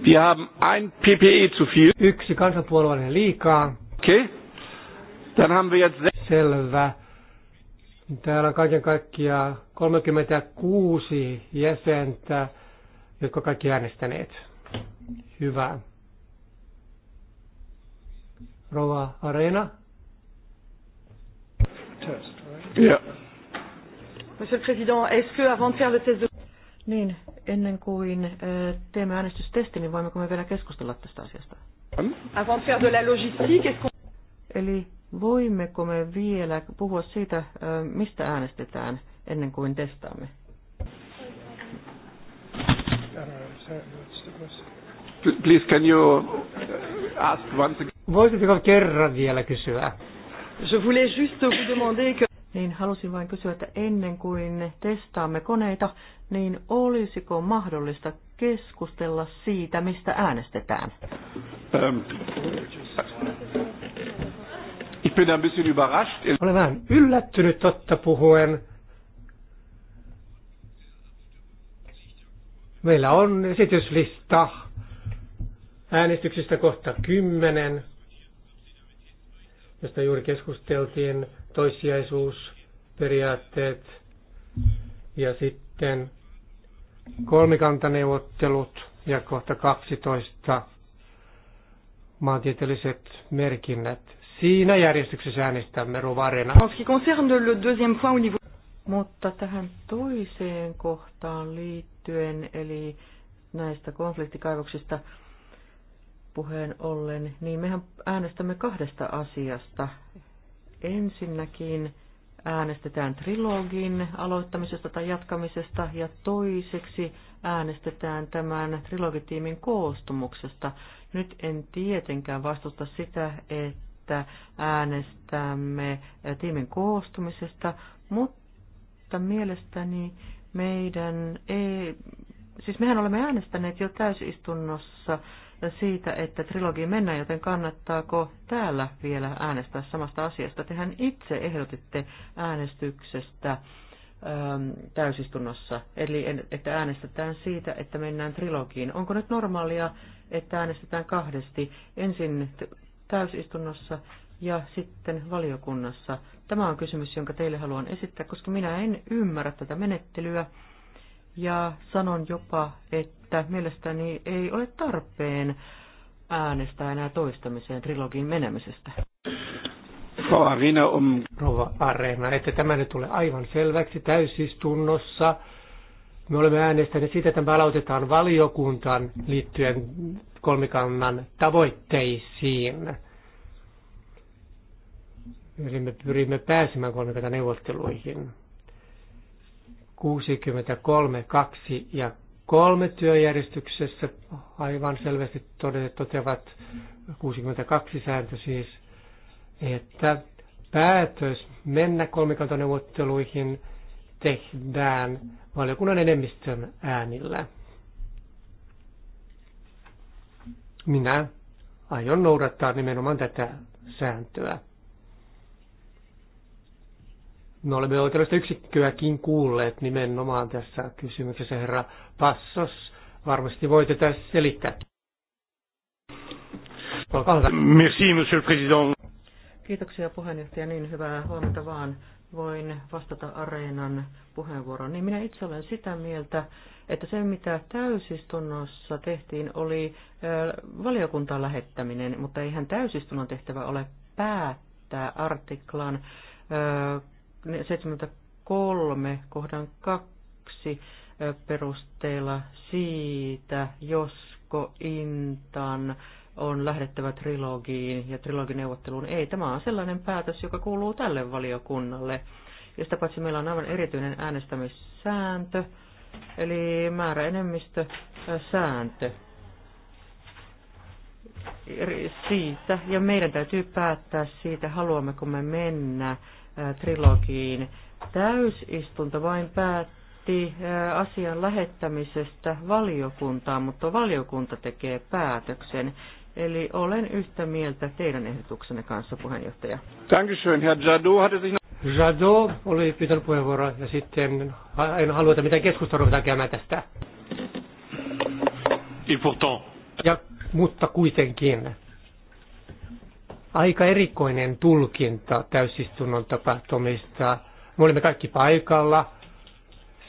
Wir haben ein PPE zu viel. Yksi kansanpuolueen liikaa. Okei. Okay. Dann haben wir jetzt... Selvä. Täällä on kaiken kaikkiaan 36 jäsentä, jotka kaikki äänestäneet. Hyvä. Rova Areena test, right? Yeah. Monsieur le Président, est-ce que avant de faire le test de... Niin, ennen kuin äh, teemme äänestystesti, niin voimmeko me vielä keskustella tästä asiasta? Avant de faire de la logistique, est-ce Eli voimmeko me vielä puhua siitä, äh, mistä äänestetään ennen kuin testaamme? Please, can you uh, ask once again? Voisitko kerran vielä kysyä? Je voulais juste vous demander que... Niin halusin vain kysyä, että ennen kuin testaamme koneita, niin olisiko mahdollista keskustella siitä, mistä äänestetään? Um. Ich bin ein bisschen überrascht. Olen vähän yllättynyt totta puhuen. Meillä on esityslista äänestyksistä kohta kymmenen josta juuri keskusteltiin, toissijaisuusperiaatteet ja sitten kolmikantaneuvottelut ja kohta 12 maantieteelliset merkinnät. Siinä järjestyksessä äänestämme Rovarena. Mutta tähän toiseen kohtaan liittyen, eli näistä konfliktikaivoksista, puheen ollen, niin mehän äänestämme kahdesta asiasta. Ensinnäkin äänestetään trilogin aloittamisesta tai jatkamisesta ja toiseksi äänestetään tämän trilogitiimin koostumuksesta. Nyt en tietenkään vastusta sitä, että äänestämme tiimin koostumisesta, mutta mielestäni meidän ei, siis mehän olemme äänestäneet jo täysistunnossa siitä, että trilogiin mennään, joten kannattaako täällä vielä äänestää samasta asiasta? Tehän itse ehdotitte äänestyksestä ähm, täysistunnossa, eli että äänestetään siitä, että mennään trilogiin. Onko nyt normaalia, että äänestetään kahdesti, ensin täysistunnossa ja sitten valiokunnassa? Tämä on kysymys, jonka teille haluan esittää, koska minä en ymmärrä tätä menettelyä ja sanon jopa, että mielestäni ei ole tarpeen äänestää enää toistamiseen trilogiin menemisestä. Rova on, um... Rova että tämä nyt tulee aivan selväksi täysistunnossa. Me olemme äänestäneet siitä, että palautetaan valiokuntaan liittyen kolmikannan tavoitteisiin. Eli me pyrimme pääsemään neuvotteluihin. 632 ja 3 työjärjestyksessä aivan selvästi toteavat 62 sääntö siis, että päätös mennä kolmikantaneuvotteluihin tehdään valiokunnan enemmistön äänillä. Minä aion noudattaa nimenomaan tätä sääntöä. Me olemme oikeudellista yksikköäkin kuulleet nimenomaan tässä kysymyksessä. Herra Passos, varmasti voitte tässä selittää. Merci, monsieur le président. Kiitoksia puheenjohtaja, niin hyvää huomenta vaan. Voin vastata Areenan puheenvuoroon. Niin minä itse olen sitä mieltä, että se mitä täysistunnossa tehtiin oli valiokuntaan lähettäminen, mutta eihän täysistunnon tehtävä ole päättää artiklan 73 kohdan 2 perusteella siitä, josko Intan on lähdettävä trilogiin ja trilogineuvotteluun. Ei, tämä on sellainen päätös, joka kuuluu tälle valiokunnalle. Ja sitä paitsi meillä on aivan erityinen äänestämissääntö, eli määräenemmistö sääntö siitä, ja meidän täytyy päättää siitä, haluammeko me mennä Äh, trilogiin. Täysistunto vain päätti äh, asian lähettämisestä valiokuntaan, mutta valiokunta tekee päätöksen. Eli olen yhtä mieltä teidän ehdotuksenne kanssa, puheenjohtaja. Dankeschön, Herr Jadot. Hatte Jadot oli pitänyt puheenvuoroa ja sitten en halua, että mitään keskustelua ruvetaan käymään tästä. Ja, mutta kuitenkin aika erikoinen tulkinta täysistunnon tapahtumista. Me olimme kaikki paikalla.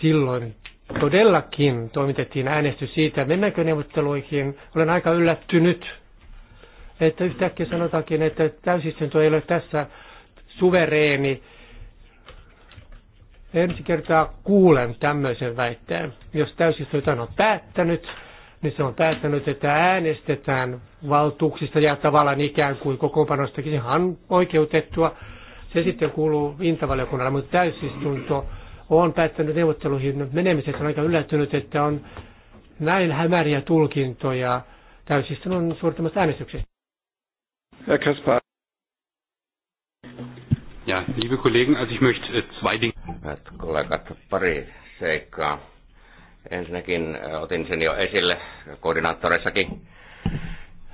Silloin todellakin toimitettiin äänestys siitä, mennäänkö neuvotteluihin. Olen aika yllättynyt, että yhtäkkiä sanotaankin, että täysistunto ei ole tässä suvereeni. Ensi kertaa kuulen tämmöisen väitteen. Jos täysistunto on päättänyt, niin se on päättänyt, että äänestetään valtuuksista ja tavallaan ikään kuin kokoonpanostakin ihan oikeutettua. Se sitten kuuluu intavaliokunnalle, mutta täysistunto on päättänyt neuvotteluihin menemisestä. on aika yllättynyt, että on näin hämäriä tulkintoja täysistunnon suorittamasta äänestyksestä. Ja, liebe Kollegen, also ich möchte äh, zwei Dinge. Hyvät kollegat, pari seikkaa Ensinnäkin otin sen jo esille koordinaattoreissakin.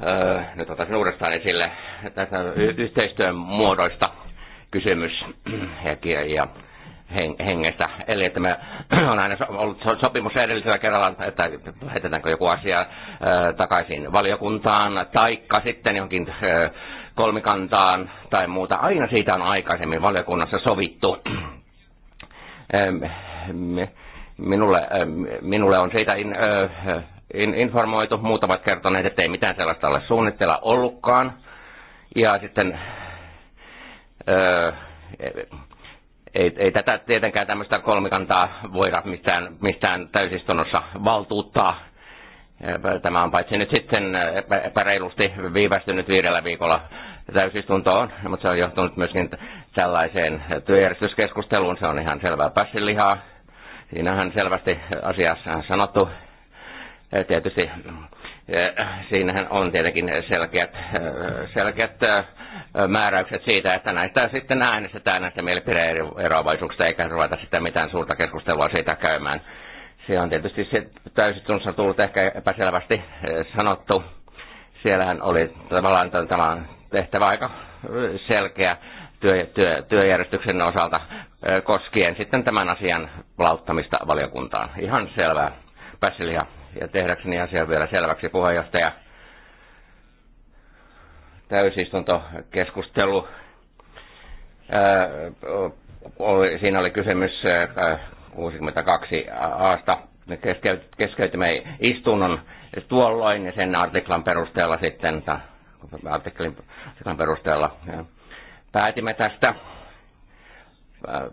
Öö, nyt otan sen uudestaan esille. Tästä yhteistyön muodoista kysymys ja, ja hengestä. Eli että me on aina ollut sopimus edellisellä kerralla, että lähetetäänkö joku asia takaisin valiokuntaan, taikka sitten johonkin kolmikantaan tai muuta. Aina siitä on aikaisemmin valiokunnassa sovittu. Me, Minulle, äh, minulle on siitä in, äh, in, informoitu, muutamat kertoneet, että ei mitään sellaista ole suunnitteilla ollutkaan. Ja sitten äh, ei, ei tätä tietenkään tämmöistä kolmikantaa voida mistään, mistään täysistunnossa valtuuttaa. Tämä on paitsi nyt sitten epäreilusti viivästynyt viidellä viikolla täysistuntoon, mutta se on johtunut myöskin tällaiseen työjärjestyskeskusteluun. Se on ihan selvää pässilihaa. Siinähän selvästi asiassa sanottu. Eh, tietysti eh, siinähän on tietenkin selkeät, eh, selkeät määräykset siitä, että näistä sitten äänestetään näistä mielipideeroavaisuuksista, eikä ruveta sitten mitään suurta keskustelua siitä käymään. Se on tietysti se täysin tullut ehkä epäselvästi sanottu. Siellähän oli tavallaan tämä tehtävä aika selkeä työ, työ, työjärjestyksen osalta koskien sitten tämän asian lauttamista valiokuntaan. Ihan selvää pässiliä ja tehdäkseni asian vielä selväksi puheenjohtaja. Täysistuntokeskustelu. Siinä oli kysymys 62 aasta keskeytimme istunnon tuolloin ja sen artiklan perusteella sitten, artiklan, artiklan perusteella päätimme tästä äh,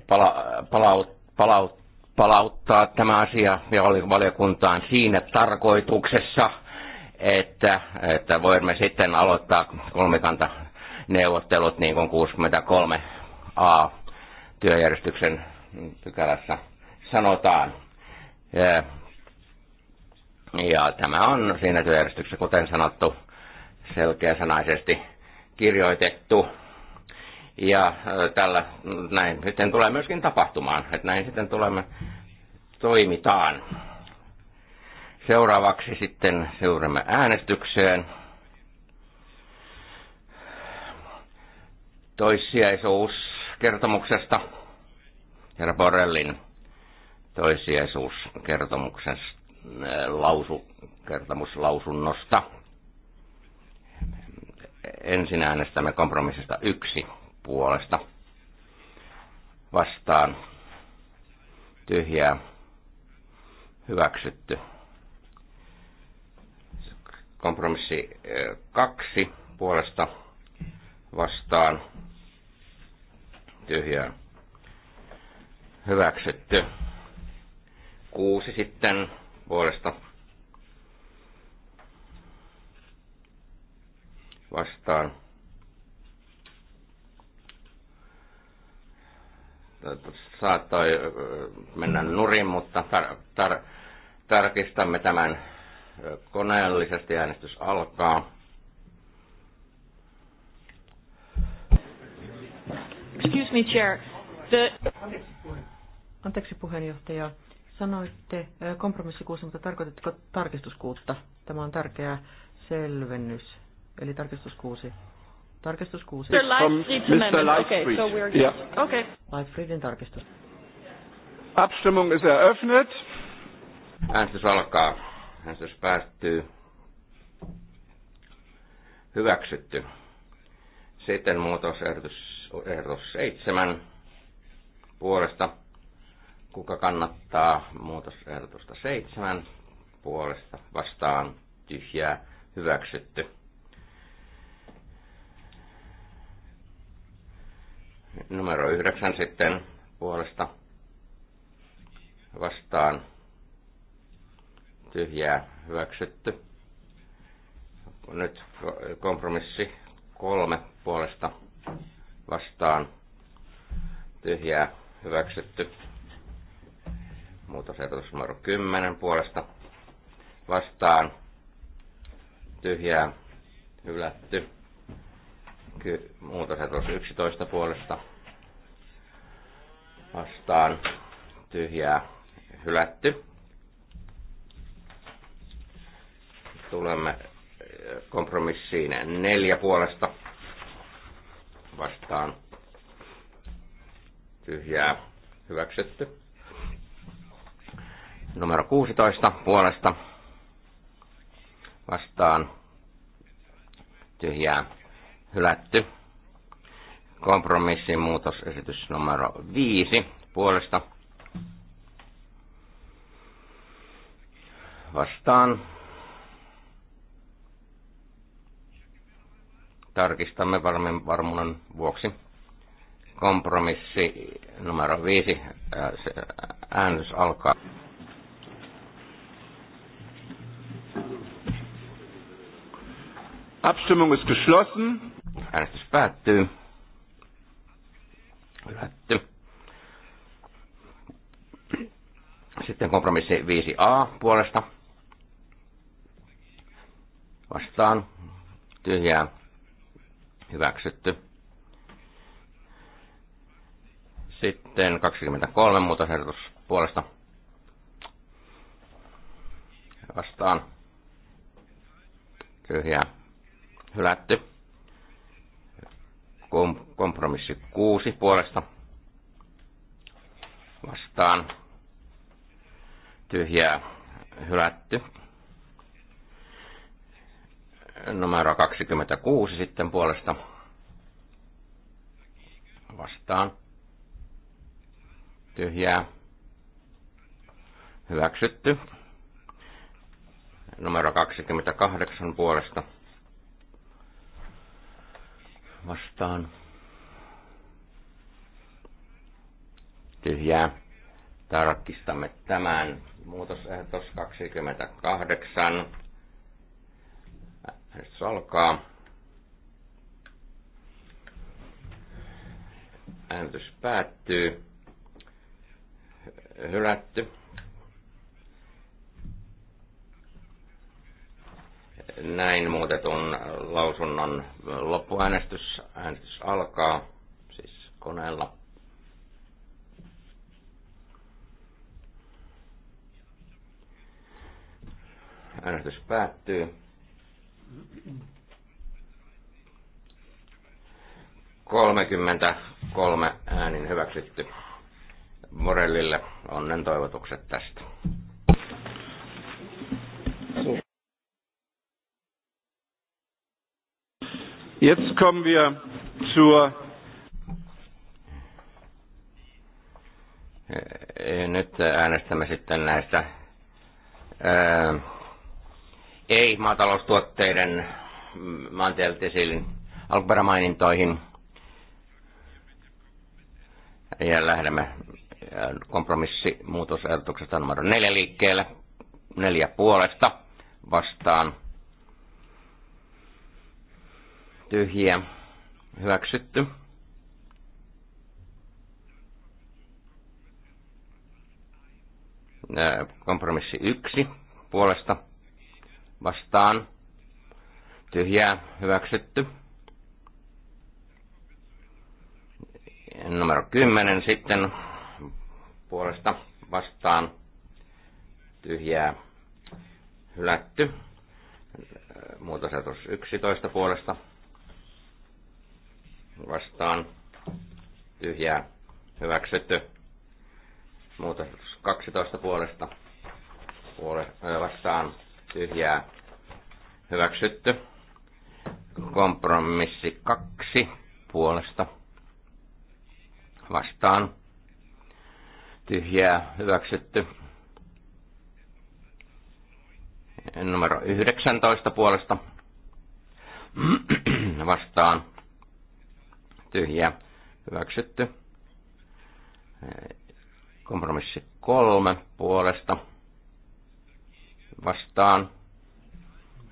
pala, palaut, palaut, palauttaa tämä asia ja oli valiokuntaan siinä tarkoituksessa, että, että voimme sitten aloittaa kolmikanta neuvottelut niin kuin 63a työjärjestyksen pykälässä sanotaan. Ja tämä on siinä työjärjestyksessä, kuten sanottu, selkeäsanaisesti kirjoitettu ja tällä näin sitten tulee myöskin tapahtumaan, että näin sitten tulemme toimitaan. Seuraavaksi sitten seuraamme äänestykseen. kertomuksesta. herra Borellin toissijaisuus lausu, kertomuslausunnosta. Ensin äänestämme kompromissista yksi puolesta vastaan tyhjää hyväksytty. Kompromissi kaksi puolesta vastaan tyhjää hyväksytty. Kuusi sitten puolesta vastaan saattoi mennä nurin, mutta tar- tar- tarkistamme tämän koneellisesti. Äänestys alkaa. Excuse me, Chair. The... Anteeksi puheenjohtaja. Sanoitte kompromissi 6, mutta tarkoititko tarkistuskuutta? Tämä on tärkeä selvennys, eli tarkistuskuusi. Tarkistus 6. Mr. Lightfried. Okay, so we're yeah. okay. Lightfriedin tarkistus. Abstimmung ist eröffnet. Äänestys alkaa. Äänestys päättyy. Hyväksytty. Sitten muutosehdotus ehdotus 7 puolesta. Kuka kannattaa muutosehdotusta 7 puolesta vastaan tyhjää hyväksytty. Numero yhdeksän sitten puolesta vastaan tyhjää hyväksytty. Nyt kompromissi kolme puolesta vastaan tyhjää hyväksytty. Muutosehdotus numero 10 puolesta vastaan tyhjää hylätty muutosehdotus 11 puolesta vastaan tyhjää hylätty. Tulemme eh, kompromissiin neljä puolesta vastaan tyhjää hyväksytty. Numero 16 puolesta vastaan tyhjää hylätty. Kompromissin muutosesitys numero 5 puolesta vastaan. Tarkistamme varmin varmuuden vuoksi. Kompromissi numero 5. Äh, äh, Äänys alkaa. Abstimmung ist geschlossen. Äänestys päättyy. Hylätty. Sitten kompromissi 5a puolesta. Vastaan. Tyhjää. Hyväksytty. Sitten 23 muutosehdotus puolesta. Vastaan. Tyhjää. Hylätty kompromissi kuusi puolesta vastaan tyhjää hylätty. Numero 26 sitten puolesta vastaan tyhjää hyväksytty. Numero 28 puolesta vastaan. Tyhjää. Tarkistamme tämän. Muutosehdotus 28. Äänestys alkaa. Äänestys päättyy. Hylätty. Näin muutetun lausunnon loppuäänestys äänestys alkaa, siis koneella. Äänestys päättyy. 33 äänin hyväksytty. Morellille onnen toivotukset tästä. Jetzt kommen wir zur äh, nyt äänestämme sitten näistä äh, ei-maataloustuotteiden mm, maantieteellisiin alkuperämainintoihin. Ja lähdemme äh, kompromissimuutosehdotuksesta numero neljä liikkeelle. Neljä puolesta vastaan tyhjiä hyväksytty. Kompromissi yksi puolesta vastaan tyhjää hyväksytty. Numero 10 sitten puolesta vastaan tyhjää hylätty. Muutosehdotus 11 puolesta vastaan tyhjää hyväksytty. Muutos 12 puolesta puole, vastaan tyhjää hyväksytty. Kompromissi 2 puolesta vastaan tyhjää hyväksytty. Numero 19 puolesta vastaan tyhjää hyväksytty. Kompromissi kolme puolesta vastaan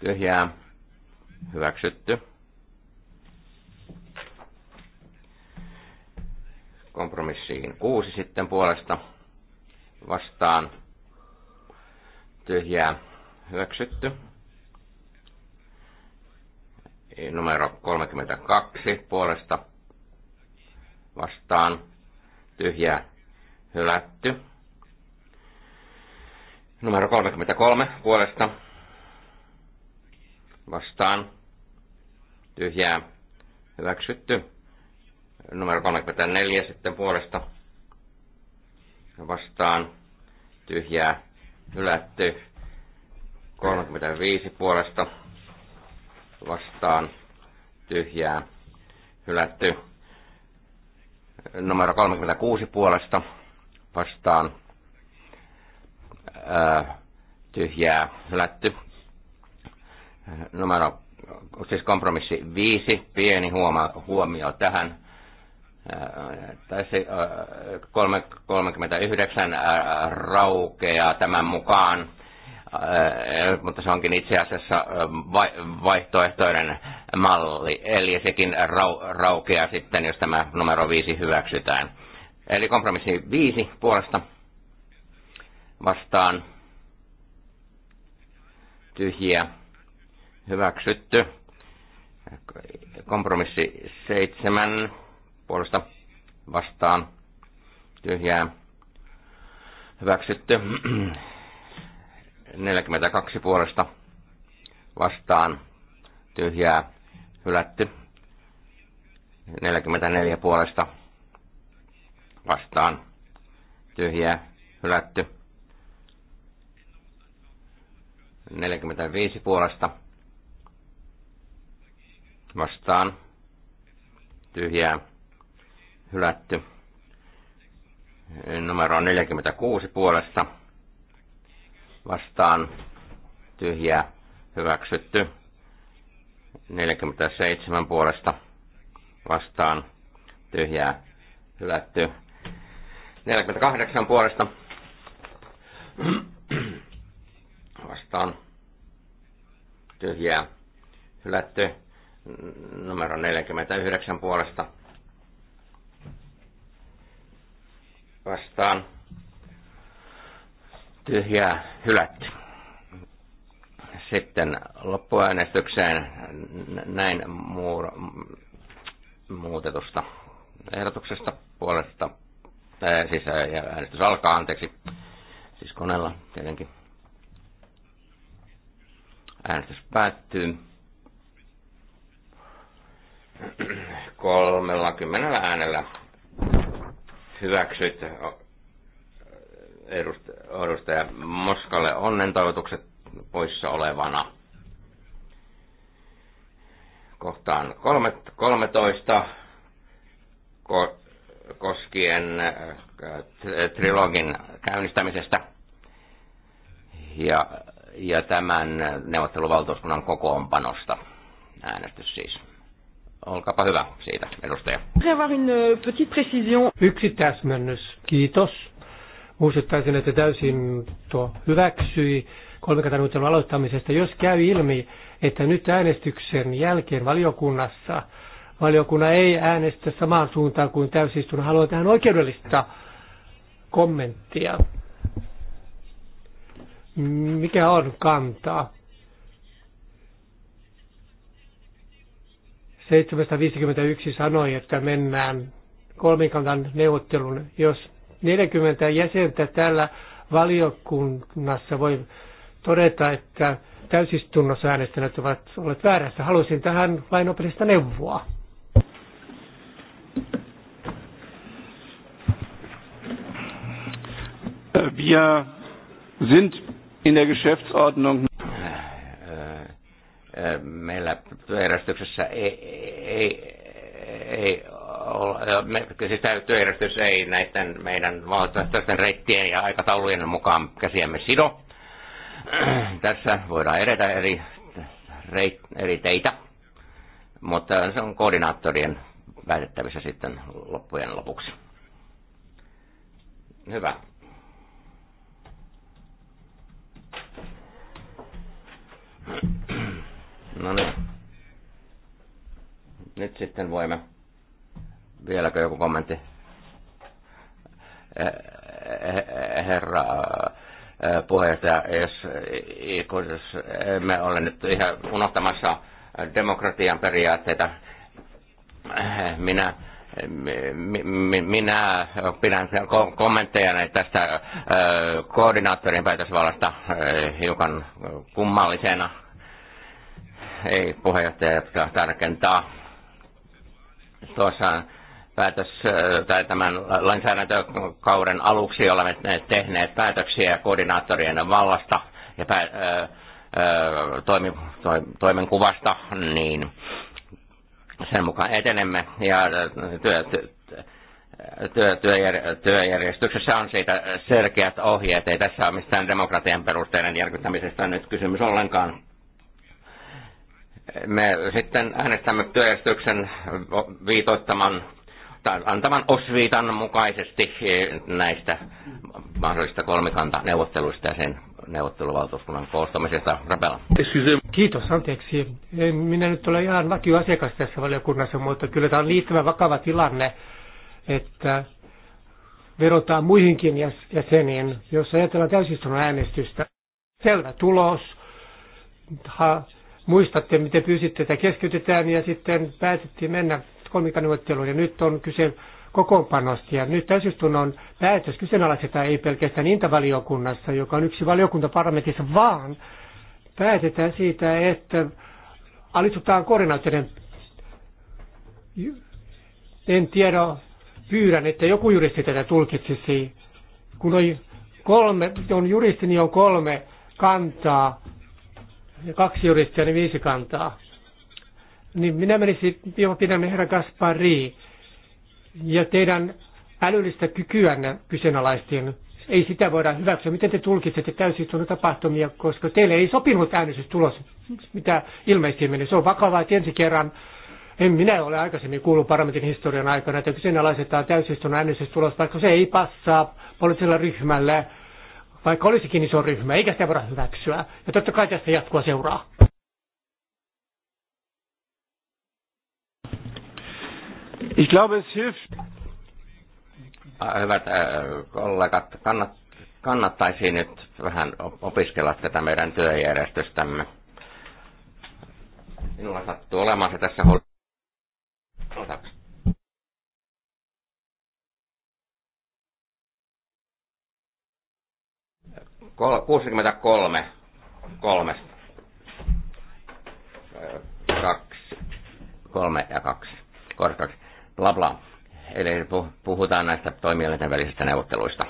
tyhjää hyväksytty. Kompromissiin kuusi sitten puolesta vastaan tyhjää hyväksytty. Numero 32 puolesta vastaan tyhjää hylätty. Numero 33 puolesta vastaan tyhjää hyväksytty. Numero 34 sitten puolesta vastaan tyhjää hylätty. 35 puolesta vastaan tyhjää hylätty numero 36 puolesta vastaan ää, tyhjää lätty. Numero, siis kompromissi 5, pieni huoma, huomio tähän. tässä 39 raukeaa tämän mukaan Äh, mutta se onkin itse asiassa äh, vaihtoehtoinen malli, eli sekin raukeaa sitten, jos tämä numero 5 hyväksytään. Eli kompromissi 5 puolesta vastaan tyhjiä hyväksytty. Kompromissi 7 puolesta vastaan tyhjää hyväksytty. 42 puolesta vastaan tyhjää hylätty. 44 puolesta vastaan tyhjää hylätty. 45 puolesta vastaan tyhjää hylätty. Numero 46 puolesta vastaan tyhjää hyväksytty. 47 puolesta vastaan tyhjää hylätty. 48 puolesta vastaan tyhjää hylätty. Numero 49 puolesta vastaan tyhjää hylätty. Sitten loppuäänestykseen näin muutetusta ehdotuksesta puolesta, tämä siis äänestys alkaa, anteeksi, siis koneella tietenkin. Äänestys päättyy. 30 äänellä hyväksyt edustaja Moskalle onnen toivotukset poissa olevana. Kohtaan 13 ko, koskien äh, trilogin käynnistämisestä ja, ja tämän neuvotteluvaltuuskunnan kokoonpanosta. Äänestys siis. Olkaapa hyvä siitä, edustaja. Yksi täsmennys. Kiitos Muistuttaisin, että täysin tuo hyväksyi kolmikantaneuvottelun aloittamisesta, jos käy ilmi, että nyt äänestyksen jälkeen valiokunnassa valiokunta ei äänestä samaan suuntaan kuin täysistunut. Haluan tähän oikeudellista kommenttia. Mikä on kantaa? 751 sanoi, että mennään kolmikantan neuvottelun, jos 40 jäsentä täällä valiokunnassa voi todeta, että täysistunnossa äänestäneet ovat olleet väärässä. Haluaisin tähän lainopillista neuvoa. Wir sind in der Geschäftsordnung. Äh, äh, meillä työjärjestyksessä ei, ei, ei me, siis työjärjestys ei näiden meidän vaihtoehtoisten reittien ja aikataulujen mukaan käsiämme sido. Tässä voidaan edetä eri, reit, eri teitä, mutta se on koordinaattorien väitettävissä sitten loppujen lopuksi. Hyvä. No niin. Nyt sitten voimme Vieläkö joku kommentti? Eh, eh, eh, herra puheenjohtaja, jos, jos me olemme nyt ihan unohtamassa demokratian periaatteita, minä minä pidän kommentteja tästä koordinaattorin päätösvallasta hiukan kummallisena. Ei puheenjohtaja jatkaa tarkentaa. Tuossa päätös äh, tai tämän lainsäädäntökauden aluksi olemme tehneet päätöksiä koordinaattorien vallasta ja pä, ö, äh, äh, toimi, to, toimenkuvasta, niin sen mukaan etenemme ja työ, työ, työ, työjärjestyksessä on siitä selkeät ohjeet. Ei tässä ole mistään demokratian perusteiden järkyttämisestä nyt kysymys ollenkaan me sitten äänestämme työjärjestyksen viitoittaman antaman osviitan mukaisesti eh, näistä mahdollisista kolmikantaneuvotteluista ja sen neuvotteluvaltuuskunnan koostamisesta. Rapela. Kiitos, anteeksi. minä nyt olen ihan vakioasiakas tässä valiokunnassa, mutta kyllä tämä on liittyvä vakava tilanne, että verotaan muihinkin jäseniin, jos ajatellaan täysistunnon äänestystä. Selvä tulos. Ha, muistatte, miten pyysitte, että keskeytetään ja sitten päätettiin mennä kolmikanneuvotteluun ja nyt on kyse kokoonpanosta. Ja nyt täysistunnon päätös kyseenalaistetaan ei pelkästään intavaliokunnassa, joka on yksi valiokunta parlamentissa, vaan päätetään siitä, että alistutaan koordinaattorien en tiedä, pyydän, että joku juristi tätä tulkitsisi. Kun on kolme, on juristi, niin on kolme kantaa, kaksi juristia, niin viisi kantaa niin minä menisin jopa pidämme herra Gaspari ja teidän älyllistä kykyänne kyseenalaistiin. Ei sitä voida hyväksyä. Miten te tulkitsette täysin tapahtumia, koska teille ei sopinut äänestystulos, mitä meni. Se on vakavaa, että ensi kerran en minä ole aikaisemmin kuullut parlamentin historian aikana, että kyseenalaistetaan täysistunnon äänestystulos, vaikka se ei passaa poliittisella ryhmällä, vaikka olisikin iso ryhmä, eikä sitä voida hyväksyä. Ja totta kai tästä jatkoa seuraa. Ich glaube, es hilft. Hyvät kollegat, kannat, kannattaisi nyt vähän opiskella tätä meidän työjärjestystämme. Minulla sattuu olemaan se tässä hol- Kol- 63 kolmesta. Kaksi, kolme ja kaksi. Korkeaksi bla bla. Eli puhutaan näistä toimijoiden välisistä neuvotteluista.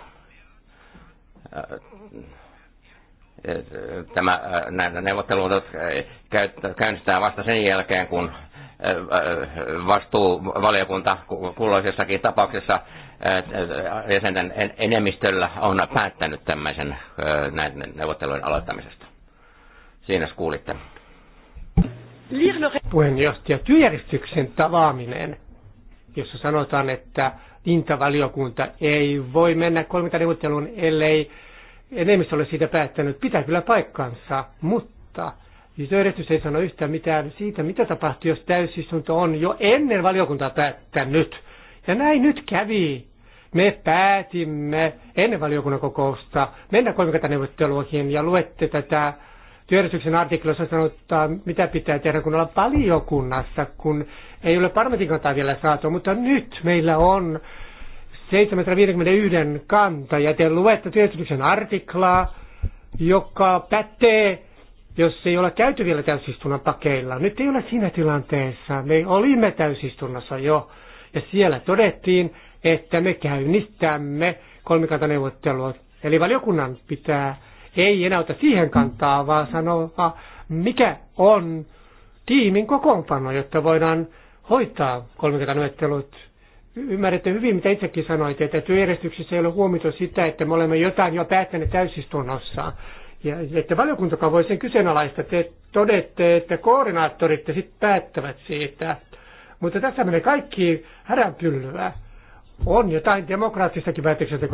Äh, äh, tämä, äh, näitä neuvotteluita käynnistää vasta sen jälkeen, kun vastuuvaliokunta kulloisessakin tapauksessa jäsenten enemmistöllä on päättänyt tämmöisen näiden neuvottelujen aloittamisesta. Siinä kuulitte. Puheenjohtaja, työjärjestyksen tavaaminen jossa sanotaan, että intavaliokunta ei voi mennä neuvotteluun, ellei enemmistö ole siitä päättänyt. Pitää kyllä paikkansa, mutta työjärjestys ei sano yhtään mitään siitä, mitä tapahtuu, jos täysistunto on jo ennen valiokuntaa päättänyt. Ja näin nyt kävi. Me päätimme ennen valiokunnan kokousta mennä kolmikata neuvotteluihin ja luette tätä työjärjestyksen artiklossa sanotaan, mitä pitää tehdä, kun ollaan valiokunnassa, kun ei ole parlamentin vielä saatu, mutta nyt meillä on 751 kanta, ja te luette työjärjestyksen artiklaa, joka pätee, jos ei ole käyty vielä täysistunnan pakeilla. Nyt ei ole siinä tilanteessa. Me olimme täysistunnassa jo, ja siellä todettiin, että me käynnistämme kolmikantaneuvottelua. Eli valiokunnan pitää ei enää ota siihen kantaa, vaan sanoa, mikä on tiimin kokoonpano, jotta voidaan hoitaa kolmikantaneuvottelut. Ymmärrätte hyvin, mitä itsekin sanoitte, että työjärjestyksessä ei ole huomioitu sitä, että me olemme jotain jo päättäneet täysistunnossa. Ja että valiokuntakaan voi sen kyseenalaista. Te todette, että koordinaattorit sitten päättävät siitä. Mutta tässä menee kaikki häränpyllyä. On jotain demokraattistakin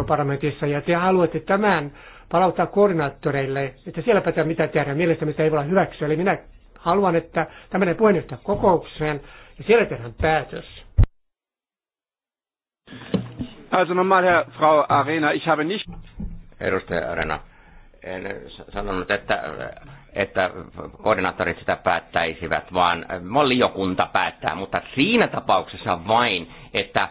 parlamentissa ja te haluatte tämän palauttaa koordinaattoreille, että siellä päätetään mitä tehdä. Mielestäni sitä ei voi hyväksyä. Eli minä haluan, että tämmöinen puheenjohtajakokoukseen kokoukseen ja siellä tehdään päätös. Also nochmal, Herr Frau Arena, ich habe nicht... Edustaja Arena, en sanonut, että, että koordinaattorit sitä päättäisivät, vaan valiokunta päättää, mutta siinä tapauksessa vain, että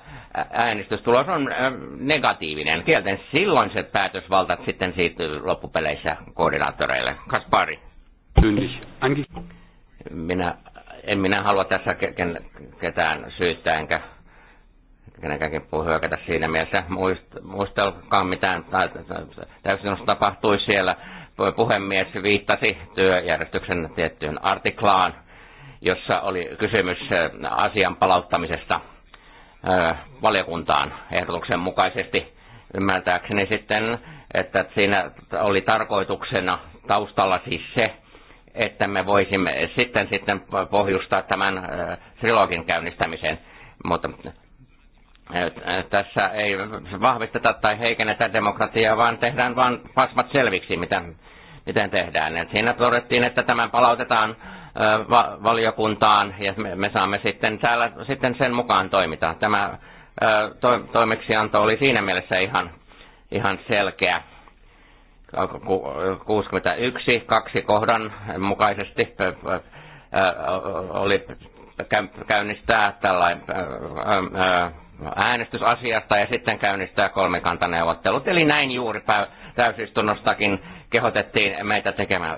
äänestystulos on äh, negatiivinen kielten, silloin se päätösvalta sitten siirtyy loppupeleissä koordinaattoreille. Kaspari. Minä en minä halua tässä ketään syyttää enkä kenenkäänkin puhu hyökätä siinä mielessä. Muist, muistelkaa mitään täysin tapahtui siellä. Puhemies viittasi työjärjestyksen tiettyyn artiklaan, jossa oli kysymys asian palauttamisesta valiokuntaan ehdotuksen mukaisesti. Ymmärtääkseni sitten, että siinä oli tarkoituksena taustalla siis se, että me voisimme sitten, sitten pohjustaa tämän äh, trilogin käynnistämisen. Mutta äh, äh, tässä ei vahvisteta tai heikennetä demokratiaa, vaan tehdään vain pasmat selviksi, mitä, miten tehdään. Et siinä todettiin, että tämä palautetaan va- valiokuntaan ja me, me saamme sitten täällä sitten sen mukaan toimita. Tämä to- toimeksianto oli siinä mielessä ihan, ihan selkeä 61 kaksi kohdan mukaisesti oli käynnistää tällainen äänestysasiasta ja sitten käynnistää kolmikantaneuvottelut. Eli näin juuri täysistunnostakin kehotettiin meitä tekemään.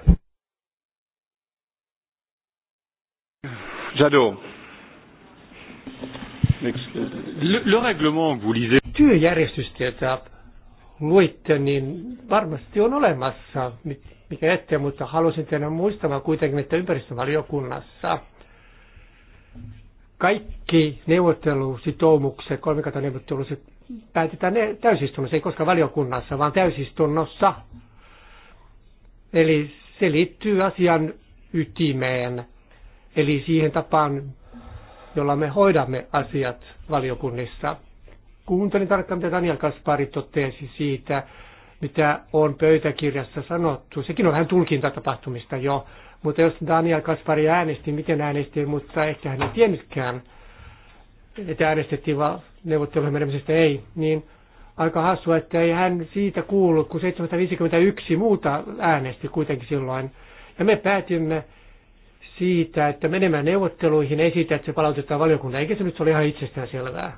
Jadot. Le, le règlement, vous lisez. Työjärjestys tietää luitte, niin varmasti on olemassa, mikä ette, mutta halusin teidän muistamaan kuitenkin, että ympäristövaliokunnassa kaikki neuvottelusitoumukset, kolmikantaneuvottelusit, päätetään ne täysistunnossa, ei koskaan valiokunnassa, vaan täysistunnossa. Eli se liittyy asian ytimeen, eli siihen tapaan, jolla me hoidamme asiat valiokunnissa kuuntelin tarkkaan, mitä Daniel Kaspari totesi siitä, mitä on pöytäkirjassa sanottu. Sekin on vähän tulkinta tapahtumista jo, mutta jos Daniel Kaspari äänesti, miten äänesti, mutta ehkä hän ei tiennytkään, että äänestettiin vaan neuvottelujen menemisestä ei, niin aika hassua, että ei hän siitä kuullut, kun 751 muuta äänesti kuitenkin silloin. Ja me päätimme siitä, että menemään neuvotteluihin ei siitä, että se palautetaan valiokunta, Eikä se nyt ole ihan itsestään selvää.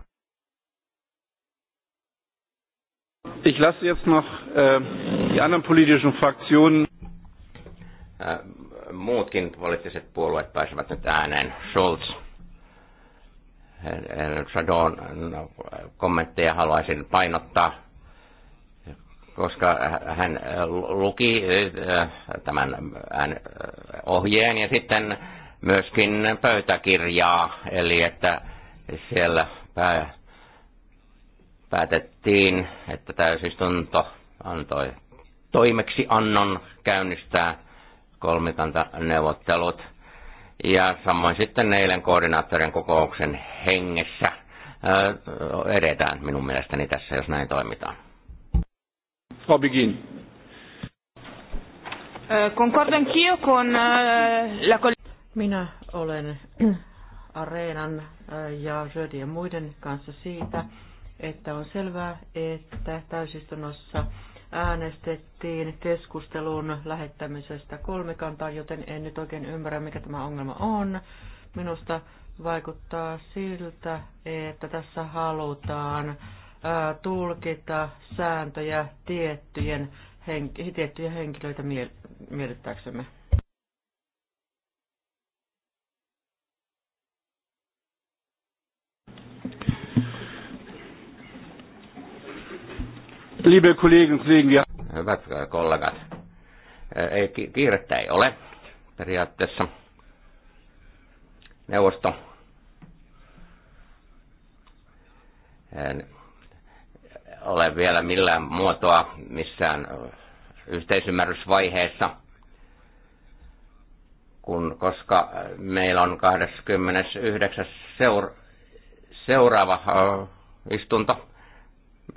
Ich lasse jetzt noch äh, die anderen politischen Fraktionen. Äh, muutkin poliittiset puolueet pääsevät nyt ääneen. Scholz. Sadon no, kommentteja haluaisin painottaa, koska hän äh, luki äh, tämän äh, ohjeen ja sitten myöskin pöytäkirjaa, eli että siellä päätettiin, että täysistunto antoi annon käynnistää kolmikanta-neuvottelut Ja samoin sitten eilen koordinaattorin kokouksen hengessä äh, edetään minun mielestäni tässä, jos näin toimitaan. Äh, con äh, la Minä olen Areenan ja Södien muiden kanssa siitä, että on selvää, että täysistunnossa äänestettiin keskustelun lähettämisestä kolmikantaan, joten en nyt oikein ymmärrä, mikä tämä ongelma on. Minusta vaikuttaa siltä, että tässä halutaan ää, tulkita sääntöjä tiettyjen henk- henkilöitä mie- Liebe Kollegen, Kollegen, ja. Hyvät kollegat, eh, ei, kiirettä ei ole periaatteessa. Neuvosto en ole vielä millään muotoa missään yhteisymmärrysvaiheessa, kun, koska meillä on 29. Seura- seuraava eh, istunto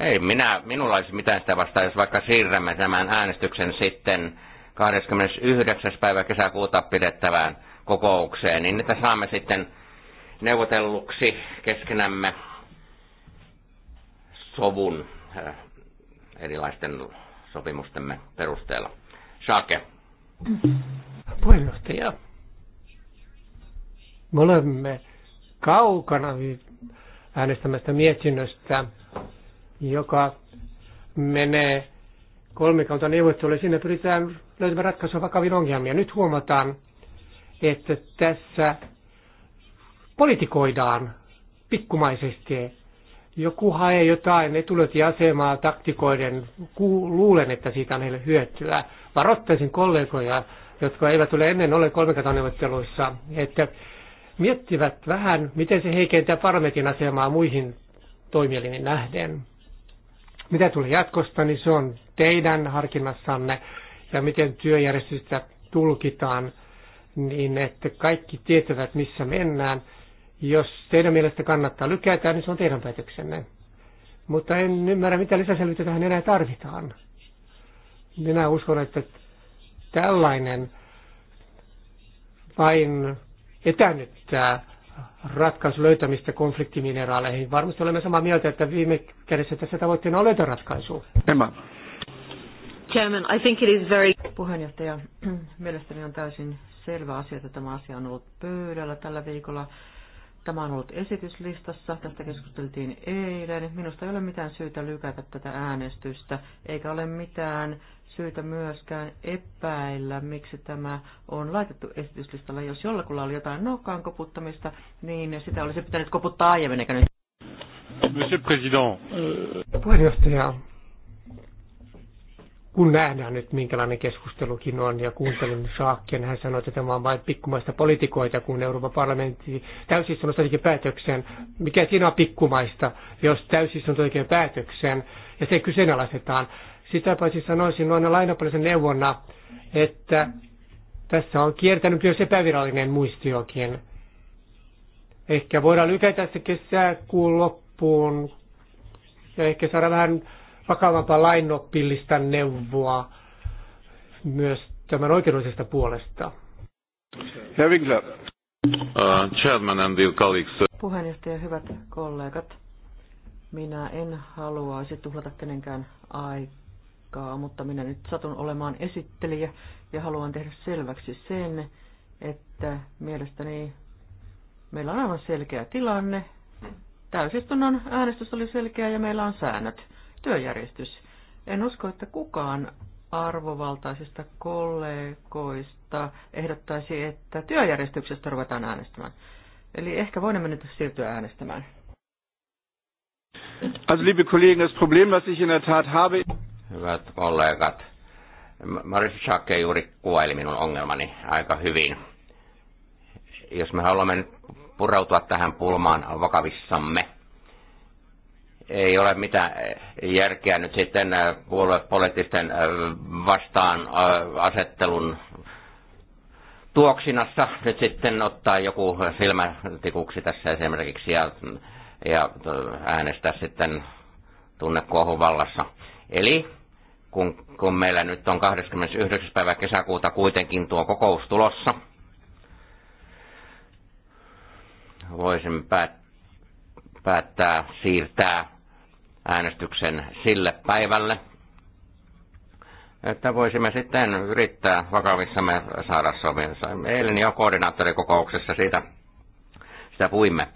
ei minä, minulla olisi mitään sitä vastaan, jos vaikka siirrämme tämän äänestyksen sitten 29. päivä kesäkuuta pidettävään kokoukseen, niin että saamme sitten neuvotelluksi keskenämme sovun äh, erilaisten sopimustemme perusteella. Sake. Puheenjohtaja. Me olemme kaukana äänestämästä mietinnöstä, joka menee kolmikanta neuvotteluun. Siinä pyritään löytämään ratkaisua vakaviin ongelmiin. Nyt huomataan, että tässä politikoidaan pikkumaisesti. Joku hae jotain etulöintiasemaa taktikoiden, luulen, että siitä on heille hyötyä. Varoittaisin kollegoja, jotka eivät ole ennen ole kolmikantaneuvotteluissa, että miettivät vähän, miten se heikentää parlamentin asemaa muihin toimielimiin nähden. Mitä tulee jatkosta, niin se on teidän harkinnassanne ja miten työjärjestystä tulkitaan niin, että kaikki tietävät, missä mennään. Jos teidän mielestä kannattaa lykätä, niin se on teidän päätöksenne. Mutta en ymmärrä, mitä lisäselvitystä tähän enää tarvitaan. Minä uskon, että tällainen vain etänyttää ratkaisun löytämistä konfliktimineraaleihin. Varmasti olemme samaa mieltä, että viime kädessä tässä tavoitteena on löytää ratkaisu. Emma. Chairman, I think it is very... Puheenjohtaja, mielestäni on täysin selvä asia, että tämä asia on ollut pöydällä tällä viikolla. Tämä on ollut esityslistassa, tästä keskusteltiin eilen. Minusta ei ole mitään syytä lykätä tätä äänestystä, eikä ole mitään syytä myöskään epäillä, miksi tämä on laitettu esityslistalla. Jos jollakulla oli jotain nokkaan koputtamista, niin sitä olisi pitänyt koputtaa aiemmin, eikä nyt. Monsieur President. Puheenjohtaja, kun nähdään nyt minkälainen keskustelukin on ja kuuntelin Saakken, hän sanoi, että tämä on vain pikkumaista politikoita, kun Euroopan parlamentti täysistunnossa tekee päätöksen. Mikä siinä on pikkumaista, jos täysistunto tekee päätöksen ja se kyseenalaistetaan sitä paitsi sanoisin noina lainapallisen neuvona, että tässä on kiertänyt myös epävirallinen muistiokin. Ehkä voidaan lykätä se kesäkuun loppuun ja ehkä saada vähän vakavampaa lainopillista neuvoa myös tämän oikeudellisesta puolesta. Uh, chairman and Puheenjohtaja, hyvät kollegat. Minä en haluaisi tuhlata kenenkään aikaa aikaa, mutta minä nyt satun olemaan esittelijä ja haluan tehdä selväksi sen, että mielestäni meillä on aivan selkeä tilanne. Täysistunnon äänestys oli selkeä ja meillä on säännöt, työjärjestys. En usko, että kukaan arvovaltaisista kollegoista ehdottaisi, että työjärjestyksestä ruvetaan äänestämään. Eli ehkä voimme nyt siirtyä äänestämään. Also liebe Kollegen, das Problem, was ich in der Tat habe hyvät kollegat. Maris Schakke juuri kuvaili minun ongelmani aika hyvin. Jos me haluamme nyt pureutua tähän pulmaan vakavissamme, ei ole mitään järkeä nyt sitten äh, puoluepoliittisten äh, vastaan äh, asettelun tuoksinassa nyt sitten ottaa joku silmätikuksi tässä esimerkiksi ja, ja äänestää sitten tunnekuohun vallassa. Eli kun, kun meillä nyt on 29. päivä kesäkuuta kuitenkin tuo kokous tulossa. Voisin päät- päättää siirtää äänestyksen sille päivälle, että voisimme sitten yrittää vakavissamme saada sovinsa. Eilen jo koordinaattorikokouksessa siitä sitä puimme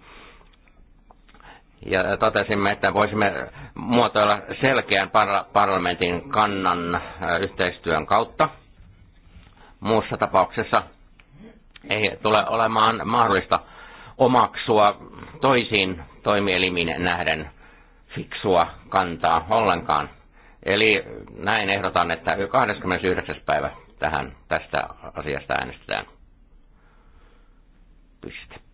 ja totesimme, että voisimme muotoilla selkeän parlamentin kannan äh, yhteistyön kautta. Muussa tapauksessa ei tule olemaan mahdollista omaksua toisiin toimielimiin nähden fiksua kantaa ollenkaan. Eli näin ehdotan, että 29. päivä tähän tästä asiasta äänestetään. Piste.